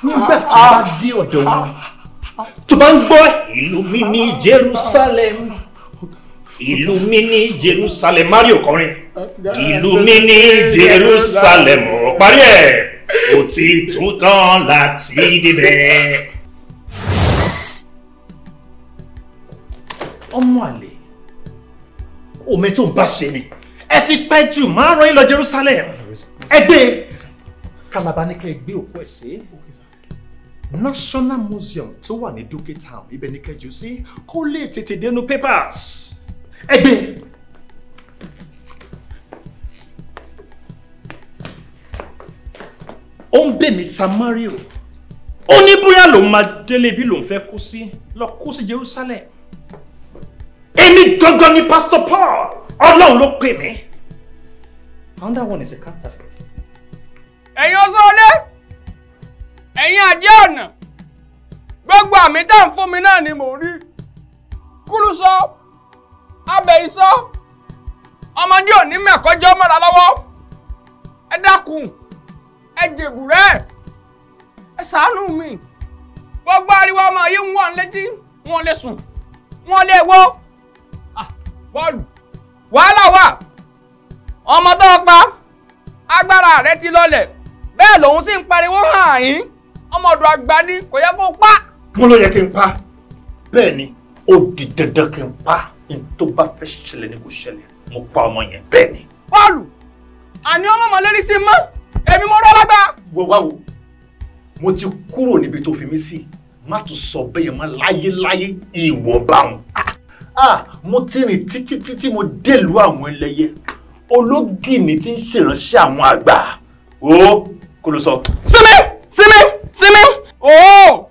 tó bá dé ọ̀dọ̀ wọn tó bá ń gbọ́ ìlú mi ní Jerusalem ìlú mi ní Jerusalem Mario kọrin ìlú mi ní Jerusalem ó parí ẹ̀ ó ti tún tán láti débẹ̀. ọmọ àlè omi tó ń bá ṣe ni ẹ ti pẹ́ jù máa rán yín lọ Jerusalem ẹgbẹ́ e. kálábá ní kẹ́ gbé òkú ẹ̀ sí national museum tó wà ní dúkìá town ibẹ̀ ní kẹjù sí kó lè tètè dénú papers ẹ gbé. ó ń bèmí ta mario ó ní bóyá lòun máa délé bí lòun fẹ́ kú sí lọ kú sí Jerusalem èmi gangan ni Pastor Paul ọlọ́run ló pè mí and one is a counterfeit. ẹ̀yin ọ̀sán ọ̀lẹ́ ẹ̀yin àjẹ́ ọ̀nà gbogbo àmì tá à ń fún mi náà ni mò ń rí kúrú sọ abẹ isọ ọmọdé òní mẹ́kọ́jọ́ mọ́ra lọ́wọ́ ẹ dákun ẹ jèbùrẹ́ ẹ ṣàánú mi gbogbo ariwo ọmọ yìí ń wọ̀n létí wọn lè sùn wọn lè wó bọ́ọ̀lù wàhálà wà ọmọ tó pa agbára rẹ ti lọlẹ̀ bẹ́ẹ̀ lòun sì ń pariwo hàn yín ọmọdọ̀ àgbà ni kò yẹ kó pa. mo ló yẹ kí n pa bẹ́ẹ̀ ni ó di dandan kí n pa n tó bá fẹ́ ṣẹlẹ̀ ni kò ṣẹlẹ̀ mo pa ọmọ yẹn bẹ́ẹ̀ ni. paul àní ọmọ mọ̀lẹ́rì sí mọ́ èmi mo rọ́ lágbá. wo wá wo mo ti kúrò níbi tó fi mí sí má tún sọ bẹ́ẹ̀ mọ́ láyéláyé ìwọ bá wọn. mo ti rìn títí títí mo délùú àwọn ẹlẹ́yẹ ológìní tí ń ṣèrànṣẹ́ àwọn àgbà ó kó ló sọ. sinmi sinmi sinmi. ooo oh,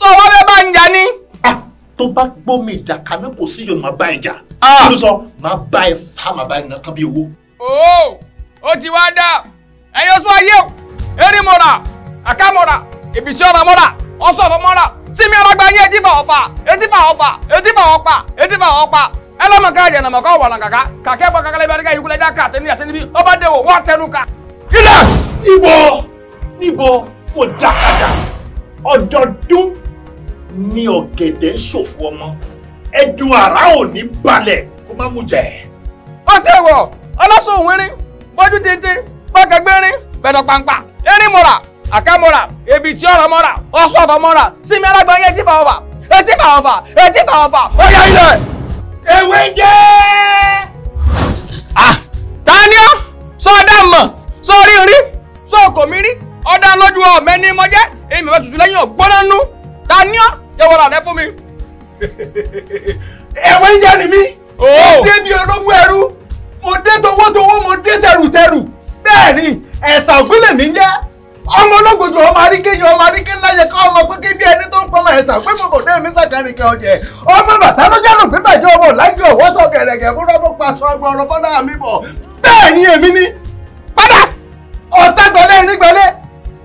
sọ wá bẹ́ẹ̀ bá ń jà ni. Ah, tó bá gbọ́ mi ìjà kàmí kò sí yòó máa bá ẹ jà. Ah. kí ló sọ máa bá ẹ fà máa bá ẹ nà tán bí owó. ooo oh, ó ti wá dà ẹyọ sọ ayé o eré mo rà àká mo rà ìbísí ọ̀rọ̀ mo rà ọ̀sọ̀ ọ̀fọ̀ mo rà sinmi ọlọgbà yín etí fà ọ̀fà etí fà ọ̀fà etí fà ọ̀pà etí fà ọ̀pà ẹlọmọ yẹn nàmọ kọ wọlọ kàkà kàkẹ́ bọ kàkàlẹ́ bẹ́ẹ̀ ká ìkúlẹ̀ já ká àtẹnudí àtẹnudí ọba dẹwò wọ́n àtẹnu ká. ilẹ̀ níbo níbo mo dákadà ọdọọdún ni ọ̀gẹ̀dẹ̀ ń ṣòfò ọmọ ẹdun àrá ò ní balẹ̀ kó má mú jẹ. ọ̀sẹ̀ ìwọ̀ ọlọ́sùn òwúrin bójú títí pọ́kẹ́gbẹ́rin bẹ̀dọ̀ pàǹpà erin mọ̀ra àkàmọ̀ra ebi tí ọ̀rọ̀ mọ̀ra ọ̀sùn ọ̀fọ̀ mọ̀ra sinmi alágbọ̀n yẹn ti fà ọ̀fà etí fà ọ̀fà etí fà ọ̀fà ó yá ilẹ̀. ewé jẹ́. ah ta ni sọ ọ̀dà mọ̀ sọ orí rí sọ òkò mi rí ọ̀dà lójú ọ̀mẹ́ ní mọ́jẹ́ èmi bá tutù lẹ́yìn ọ̀gbọ́nà nú ta ní ọ́ jẹ́wọ́ làdẹ́ fún mi. <laughs> ẹ̀wọ̀n ń jẹ́ ni mí débi ológun ẹrú mo dé towó towó mo dé tẹrùtẹrù bẹ́ẹ̀ ni ẹ̀sà ògbìnlẹ̀ mi ń jẹ́ ọmọ ológun ju ọmọ aríké yìí ọmọ aríké láyẹ ká ọmọ pé kí bí ẹni tó ń pọnmọ ẹ̀sà pé mo bò dé mi sàkárì kan jẹ ọmọ bàtà ló jẹ́ lòpin bàjẹ́ ọmọ ọ̀làjú ọ̀wọ́ sọ gẹ̀rẹ́gẹ̀ bó rọ́bó pa aṣọ ọgbọ̀n ọ̀rọ̀ fọ́nà mi bọ̀ bẹ́ẹ̀ ni èmi ni. padà ọ̀tá gbọ́lé ní gbọ́lé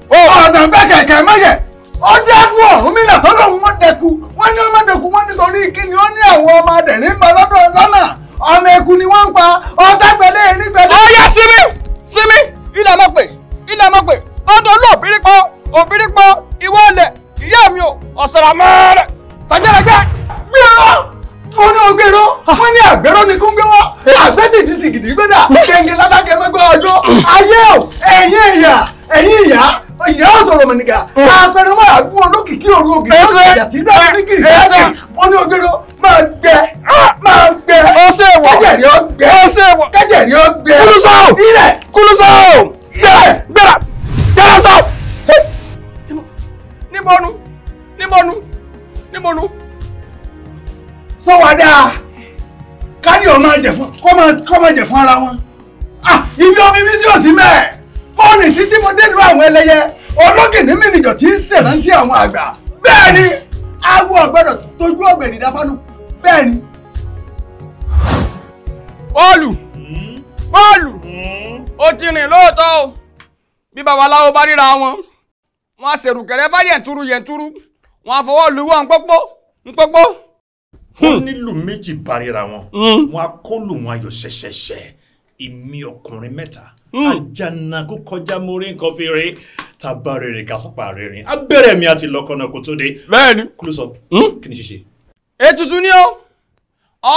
Oh. Oh, ọ̀nà bẹ́ẹ̀ kẹ̀kẹ́ mẹ́yẹ̀ ó dẹ́kun ọ̀hún mi náà tọ́lọ́hún wọn dẹkù wọ́n ní ọmọ dẹ́kun wọ́n nítorí kí ni ó ní àwọn ọmọ adẹ̀rín ní bọ lọ́dọ̀ lọ́nà ọmọ eku ni wọ́n ń pa ọ̀tá ọyá sinmi sinmi pé pé ìwọ ìyá mi ò gbèrò wọn ní ah. wọn ní ni kún ẹ̀yin ìyá ìyá ọ̀sọ̀rọ̀ mọ̀nìkà àpẹẹrẹ máa gún olókìkí òru ògì lọ́sẹ̀ ìyàtí náà ní kìrì káàkiri wọn ní ogero máa gbẹ ah, máa gbẹ ọsẹ wọ kẹjẹrì ó gbẹ ọsẹ wọ kẹjẹrì ó gbẹ kúlùsọ ilẹ̀ kúlùsọ gbẹrẹ gbẹrẹ gbẹrẹ sọ. níbọnú níbọnú níbọnú. sọ wá dáa káyọ̀ máa jẹ̀ fún kọ́ máa jẹ̀ fún ara wọn ah, ibi omi mi tí ò sí mẹ́ẹ̀ mo rìn títí mo délu àwọn ẹlẹyẹ ológìní mi nìjọ tí ń ṣèránṣẹ́ àwọn àgbà bẹ́ẹ̀ ni awo ọ̀gbọ́dọ̀ tójú ọ̀gbẹ̀rì dáfánù bẹ́ẹ̀ ni. Pọ́ọ̀lù Pọ́ọ̀lù hmm. ó ti rìn lóòótọ́ o bí babaláwo bá ríra wọn wọn àṣẹrù kẹrẹ bá yẹ̀ntúrú yẹ̀ntúrú wọn àfọwọ́ lùwọ́ ńpọ́pọ́ ńpọ́pọ́. wọ́n nílùú méjì bá ríra wọn hmm. wọn á kó lù wọn ayọ̀ ṣẹ̀ṣẹ̀ṣẹ̀ ìmí ọkùnrin mẹ́ta Hmm. àjànàkú kọjá mórí nǹkan fi rè tàbá rere kásọpà rere abẹ́rẹ́ mi àti lọ́kànnà kò tó dé. bẹ́ẹ̀ni kúlùsọ hmm. kí ni ṣíṣe. ètùtù ni ó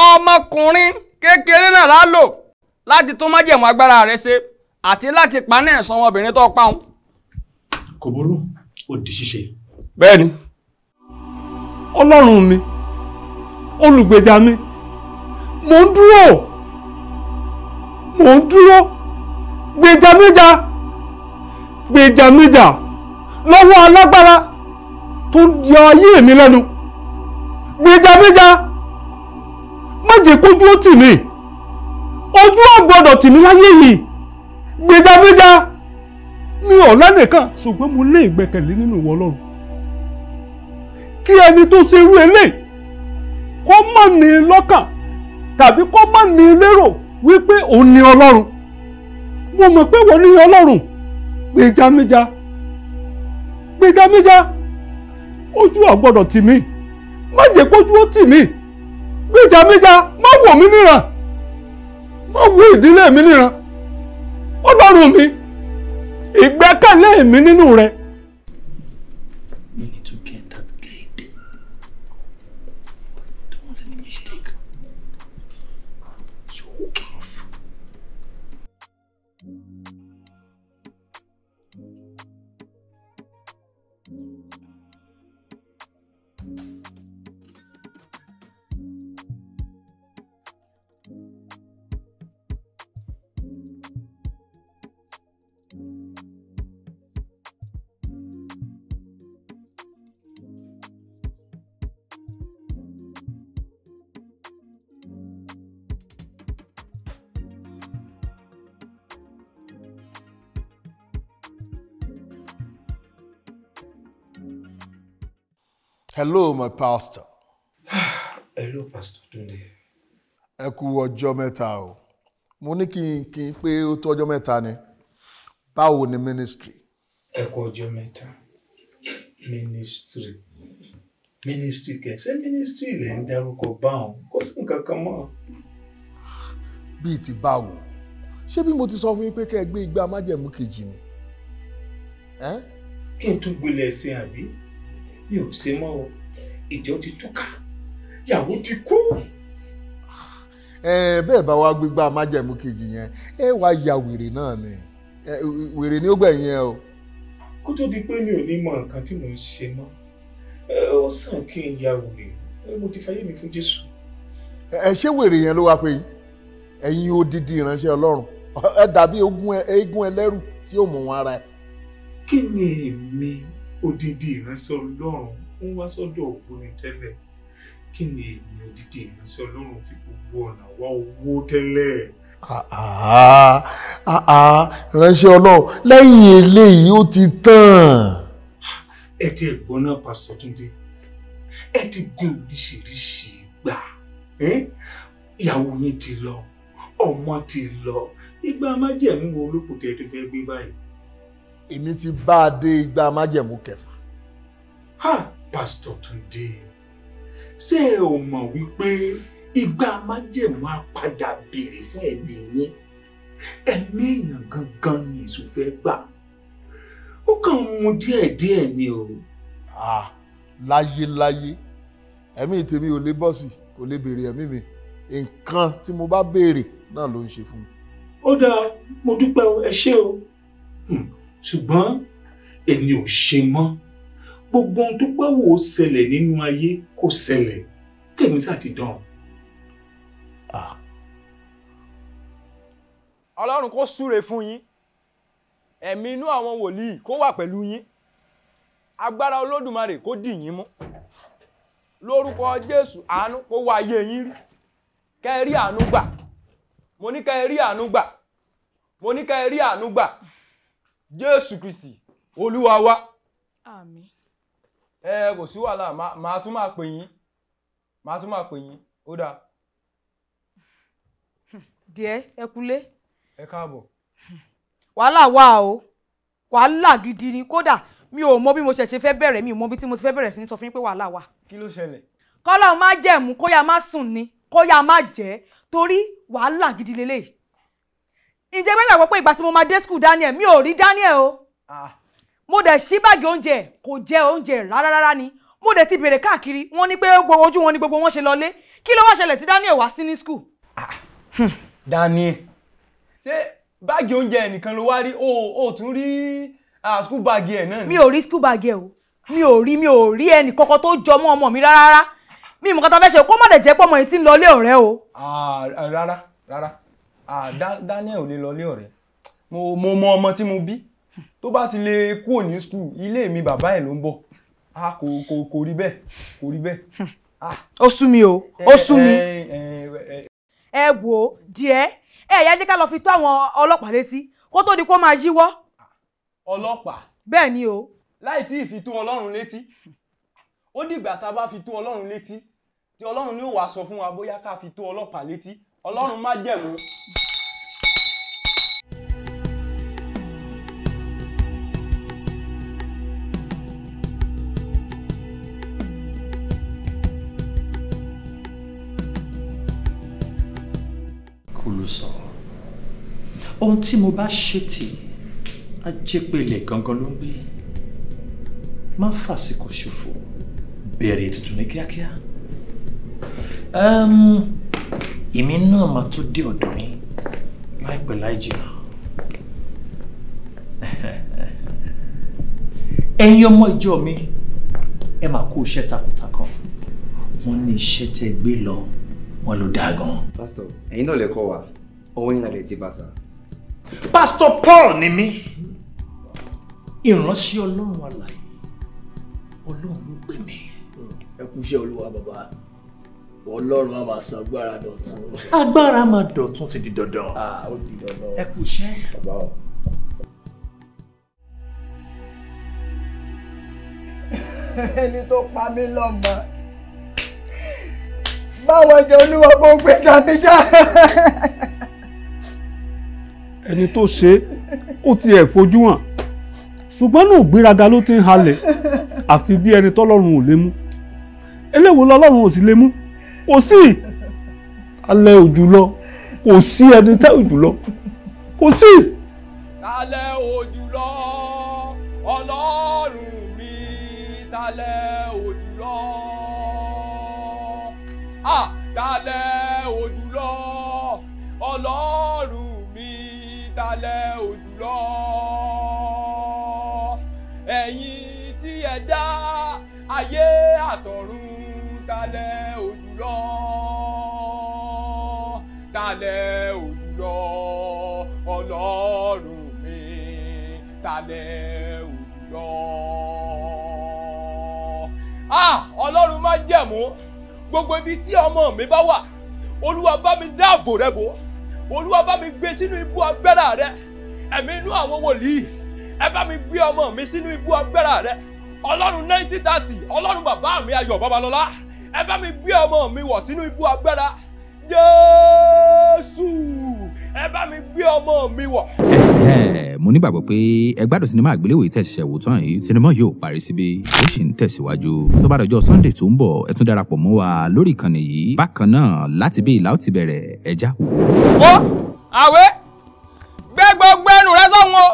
ọmọkùnrin kékeré náà lálò láti tó májẹ̀mú agbára rẹ̀ ṣe àti láti paná ẹ̀sán ọmọbìnrin tó pa òun. kò burú ó di ṣíṣe. bẹ́ẹ̀ni ọlọ́run mi olùgbèjà mi mò ń dúró mò ń dúró gbèjàmíjà gbèjàmíjà lọ́wọ́ alágbára tó yọ ayé mi lẹ́nu gbèjàmíjà má jẹ́ kójú ó tì mí ojú ò gbọ́dọ̀ tì mí láyé yìí gbèjàmíjà mi ò lẹ́nìkan ṣùgbọ́n mo lé ìgbẹ́kẹ̀lé nínú ìwọ Ọlọ́run kí ẹni tó ṣe irú eléyìí kó má ní lọ́kàn tàbí kó má ní lérò wípé òun ni Ọlọ́run mo mọ̀ pé wọ́n ní ọlọ́run gbèjàmíjà gbèjàmíjà ojú ọ̀gbọ́dọ̀ tì mí má jẹ́ kójú ó tì mí gbèjàmíjà má wò mí níran má wò ìdílé mi níran ọlọ́run mi ìgbẹ́kẹ̀lé mi nínú rẹ̀ Hello, my pastor. Hello, Pastor Tunde. Ẹ kú ọjọ́ mẹ́ta o. Mo ní kí n kí n pé ó tó ọjọ́ mẹ́ta ni. Báwo ni ministry? Ẹ kú ọjọ́ mẹ́ta. Ministry. Ministry kẹ̀ ṣé ministry lẹ̀ ń dárúkọ báwọn? Kò sí nǹkan kan mọ́. Bíi ti báwo? Ṣé bí mo ti sọ fún yín pé kẹ́ ẹ gbé igbá májẹ̀mú kejì ni? Kí n tún gbilẹ̀ sí àbí? mi ò ṣe mọ́ o ìjọ ti túká ìyàwó ti kú. bẹ́ẹ̀ bá wa gbígbá májẹ̀mú kejì yẹn ẹ wá ya wèrè náà ni wèrè ni ó gbẹ̀yìn ẹ o. kó tó di pé mi ò ní mọ nǹkan tí mò ń ṣe mọ́ ó sàn kí n ya wèrè mo ti fayé mi fún Jésù. ẹ ṣé wèrè yẹn ló wá pé ẹ̀yin odidi ìránṣẹ́ Ọlọ́run ẹ dàbí eégún ẹlẹ́rù tí ó mú wọn ara ẹ. kí ni èmi odidi ìránṣẹ́ ọlọ́run ń wá sọ́dọ̀ ògbóni tẹ́lẹ̀ kí ni èmi odidi ìránṣẹ́ ọlọ́run fi gbogbo ọ̀nà wá owó tẹ́lẹ̀. Ah, ah, ah, ìránṣẹ́ ọlọ́run lẹ́yìn eléyìí ó ti tán. ẹ ti ẹ̀gbọ́n náà pásítọ̀ Túndé ẹ ti gbé oríṣiríṣi gbà ìyàwó yín ti lọ ọmọ ti lọ ìgbà májẹ̀mú wo olókùn tẹ́ ẹ ti fẹ́ gbé báyìí èmi ti bá a dé igba májẹ̀mú kẹfà. ha pásítọ̀ Túndé ṣé ẹ ò mọ̀ wípé igba májẹ̀mú á padà béèrè fún ẹ̀mí yín ẹ̀mí èèyàn gangan ni èso fẹ́ gbà ó kàn ń mu díẹ̀díẹ̀ ni o. ah láyéláyé ẹ̀mí tèmi ò lè bọ́sì kò lè béèrè ẹ̀mí mi nǹkan tí mo bá béèrè náà ló ń ṣe fún mi. ó dáa mo dúpẹ́ o ẹ ṣé o. Hmm ṣùgbọ́n èmi ò ṣe mọ́ gbogbo ohun tó bá wò ó ṣẹlẹ̀ nínú ayé kò ṣẹlẹ̀ tèmi sáà ti dán. Ah. ọlọ́run kó súre fún yín ẹ̀mí inú àwọn wòlíì kó wà pẹ̀lú yín agbára olódùmarè kó dì yín mú lórúkọ jésù àánú kó wá ayé yín rí kẹ́ ẹ rí àánú gbà mo ní kẹ́ ẹ rí àánú gbà mo ní kẹ́ àánú gbà jésù kristi olúwa wa. àmín. ẹ kò sí wàhálà màá tún máa pè yín màá tún máa pè yín ó dáa. díẹ̀ ẹ kúlé. ẹ káàbọ̀. wàhálà wà o wàhálà gidi ni kódà mi ò mọ bí mo ṣẹ̀ṣẹ̀ fẹ́ bẹ̀rẹ̀ mi ò mọ bí tí mo ti fẹ́ bẹ̀rẹ̀ sí ní sọ fún yín pé wàhálà wà. kí ló ṣẹlẹ̀. kọ́lọ́ má jẹ̀mú kóyà má sùn ni kóyà má jẹ́ torí wàhálà gidi lélẹ́yìí ǹjẹ́ bẹ́ẹ̀ gbàgbọ́ pé ìgbà tí mo máa dé school Daniel mi ò rí Daniel o ah. mo dẹ̀ sí báàgì oúnjẹ kò jẹ oúnjẹ rárá rárá ni mo dẹ̀ ti bèrè káàkiri wọ́n ní pé ojú wọn ni gbogbo wọn ṣe lọlé kí ló wá ṣẹlẹ̀ tí Daniel wá sí ní school. Ah, hmm, Daniel ṣé báàgì oúnjẹ nìkan ló wá rí o ò tún rí ah, school bag ẹ náà ni. mi ò rí school bag ẹ o mi ò rí mi ò rí ẹnì kankan tó jọ mọ́ ọmọ mi rárá mi mọ̀ kọ́ta fẹ́ ṣe kó má dẹ̀ jẹ́ pé ọmọ yìí ti ń lọlé ọ̀rẹ́ o. rárá rárá Ah, Daniel ò lè lọlé ọ̀rẹ́ mo mọ ọmọ tí mo bí tó bá ti lè kúrò ní skul ilé mi bàbá ẹ̀ ló ń Ah, kò rí bẹ́ẹ̀ kò rí bẹ́ẹ̀. ó sú mi o ó sú mi. ẹ wò ó díẹ̀ ẹ yẹ jẹ́ ká lọ fi tó àwọn ọlọ́pàá létí kó tó di kó máa yíwọ́. ọlọ́pàá. bẹ́ẹ̀ ni o. láì tí ì fi tó ọlọ́run létí ó dìgbà tá a bá fi tó ọlọ́run létí tí ọlọ́run ní ó wàá sọ fún wa bóyá ká fi tó ọlọ́pàá létí ọlọ́run má jẹ̀mú. kò ló sọ ohun tí mo bá ṣe tì ajépele gangan ló ń gbé má fàsìkò ṣòfò bẹ̀rẹ̀ tuntun ní kíákíá. Um, èmi náà máa tó dé ọ̀dọ̀ yín láìpẹ́ láì jìnnà. <laughs> ẹ̀yin ọmọ ìjọ mi ẹ máa kó iṣẹ́ takuntakun wọ́n ní iṣẹ́ tẹ́ gbé lọ wọ́n ló dáa gan. pásítọ̀ ẹ̀yin náà lè kọ́ wa ọwọ́ yín lálẹ́ ti bá sa. pásítọ̀ Paul ni mí ìránṣẹ́ ọlọ́run alààyè ọlọ́run ló pè mí. ẹ kú iṣẹ́ olúwa bàbá ọlọ́run á máa san agbára dọ̀tun. agbára máa dọ̀tun ti di dandan. ó di dandan. ẹ kú iṣẹ́. ẹni tó pa mí lọ́mọ báwọn jẹ olúwa kó gbé jàmíjà. ẹni tó ṣe ó ti ẹ̀ fojú hàn ṣùgbọ́n náà gbéraga ló ti ń halẹ̀ àfi bí ẹni tọ́lọ́run ò lè mú eléwo lọ́lọ́run ò sì lè mú kò sí alẹ́ òjò lọ kò sí ẹni tẹ́ òjò lọ kò sí. talẹ̀ òjò lọ ọlọ́run mi talẹ̀ òjò lọ ah talẹ̀ òjò lọ ọlọ́run mi talẹ̀ òjò lọ ẹ̀yin tí ẹ dá ayé àtọ̀run talẹ̀ òjò òwúrọ̀ talẹ̀ òwúrọ̀ ọlọ́run mi talẹ̀ òwúrọ̀. ah ọlọ́run má jẹ̀mú gbogbo ibi tí ọmọ mi bá wà olúwa bá mi dáàbò rẹ bò olúwa bá mi gbé sínú ibú agbára rẹ ẹ̀mí inú àwọn wòlíì ẹ bá mi gbé ọmọ mi sínú ibú agbára rẹ ọlọ́run ninety ọlọ́run bàbá mi ayọ̀ babalọ́lá ẹ bá mi gbé ọmọ mi wọ̀ sínú ibú agbára jésù ẹ bá mi gbé ọmọ mi wọ̀. mo nígbàgbọ́ pé ẹ sinimá àgbéléwò yìí tẹ̀síṣẹ́ wò tán yìí sinimá yóò parí síbí ó sì ń tẹ̀síwájú tó bá dọjọ́ sunday tó ń bọ̀ ẹ tún darapọ̀ mọ́ wa lórí ìkànnì yìí bákan náà láti bí ìlà ó ti bẹ̀rẹ̀ ẹja wò. ó àwẹ̀ gbé gbogbo ẹnu rẹ sọ́hun o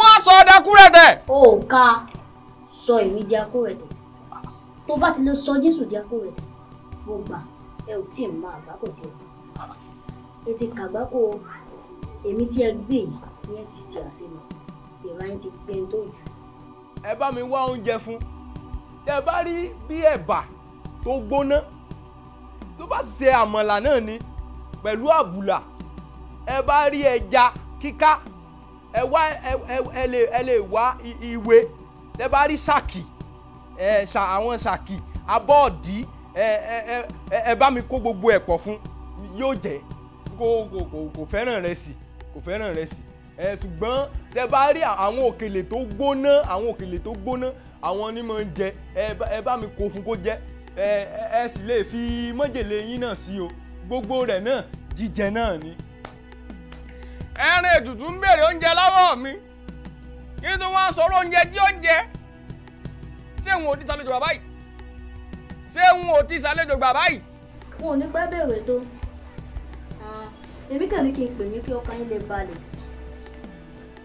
wọ́n sọ ọ́ dakúrẹ̀tẹ̀. ó ká sọ ìwé dakúrẹ̀tẹ̀ tó bá ti lè sọ jésù di akó rẹ mo gbà ẹ ò tí ì mọ àgbákò tiẹ ẹ ti kàgbákò èmi tí ẹ gbé yìí ní ẹ fi ṣe àṣeyọ ìrà ẹ ti gbẹ tó jù. ẹ bá mi wá oúnjẹ fún tẹ bá rí bí ẹ̀bà tó gbóná tó bá ṣe àmàlà náà ni pẹ̀lú àbùlà ẹ bá rí ẹja kíká ẹ wá ẹ lè wá ìwé tẹ bá rí ṣáàkì àwọn ṣàkì abọ́ọ̀dì ẹ bá mi kó gbogbo ẹ̀ pọ̀ fún yóò jẹ́ kò fẹ́ràn rẹ̀ sí kò fẹ́ràn rẹ̀ sí ẹ ṣùgbọ́n tẹ bá rí àwọn òkèlè tó gbóná àwọn òkèlè tó gbóná àwọn ni mo ń jẹ ẹ bá mi kó fún kó jẹ ẹ sì lè fi májèlé yín náà sí o gbogbo rẹ̀ náà jíjẹ náà ni. ẹran ètùtù ń béèrè oúnjẹ lọ́wọ́ mi kí ni wọ́n á sọ oúnjẹ tí ó jẹ ṣé òun ò ti ṣàlejò bàbá yìí ṣé òun ò ti ṣàlejò bàbá yìí. wọn ò ní pẹ́ bèrè tó èmi kàn ní kí n pè ní kí ọkàn yín lè balẹ̀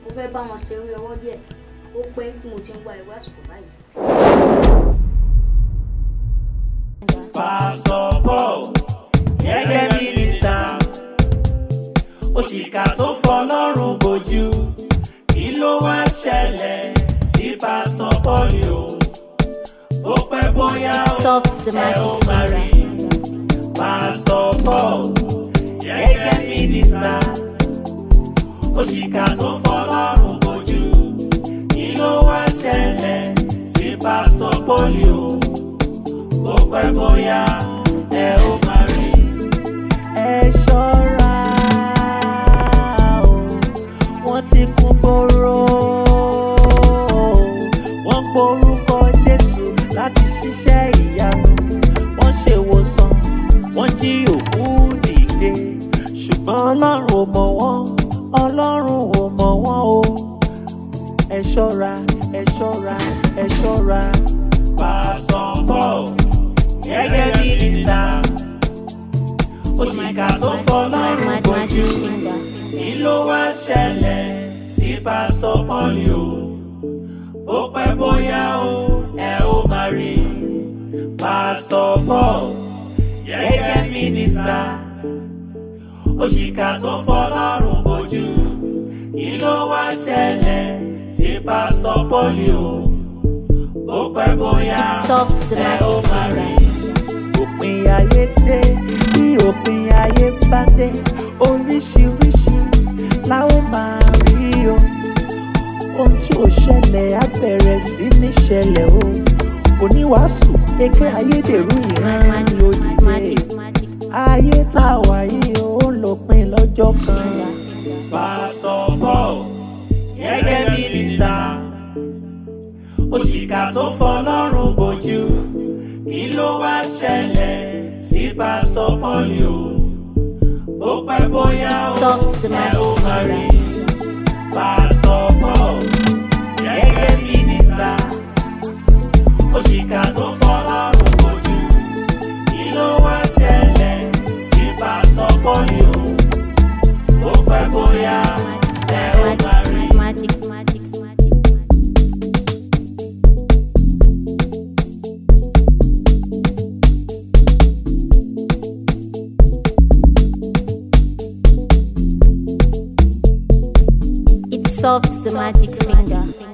mo fẹ́ bá wọn ṣeré ọwọ́ díẹ̀ ó pẹ́ tí mo ti ń wá ìwé àsìkò báyìí. pásítọ̀ Paul gẹ́gẹ́ mínísítà òṣìkà tó fọlọ́run bójú kí ló wá ṣẹlẹ̀ sí pásítọ̀ Paul yìí o ó pẹ́ bóyá ó ṣe ó máa Paul gẹ́gẹ́ Minister, òṣìkà tó fọlọ́run bójú kí ló wá ṣẹlẹ̀ sí Paul o ó pẹ́ bóyá ẹ ó máa rí. o wọ́n ti kú ọlọ́run ò mọ̀ wọ́n ọlọ́run ò mọ̀ wọ́n o ẹ ṣọ́ra ẹ ṣọ́ra ẹ ṣọ́ra. pásítọ̀ ń bọ̀ gẹ́gẹ́ bí mínísítà òṣìkà tó fọlọ́run kojú kí ló wá ṣẹlẹ̀ sí pásítọ̀ pọ́lì o ó pẹ́ bóyá o ẹ ó máa rí pásítọ̀ Paul gẹ́gẹ́ mínísítà òṣìkà tó fọlọ́run bojú kí ló wá ṣẹlẹ̀ sí pásítọ̀ pọ́lì o ó pẹ́ bóyá ṣe ó máa rí. òpin ayé dé bí òpin ayé bá dé oríṣiríṣi láwọn máa rí o ohun tí ò ṣẹlẹ̀ á bẹ̀rẹ̀ sí ní ṣẹlẹ̀ o oníwàásù eke ayédèrú ìran ni ayé tá a wà yìí ó ń lòpin lọ́jọ́ kan. pásítọ̀ Paul gẹ́gẹ́ mínísítà òṣìkà tó fọlọ́run bójú kí ló wá ṣẹlẹ̀ sí pásítọ̀ Paul o ó pẹ́ bóyá ó ṣe ó máa rí pásítọ̀ Paul gẹ́gẹ́ mínísítà òṣìkà tó fọlọ́run bójú kí ló wá. pọ́lì o It solves the magic finger.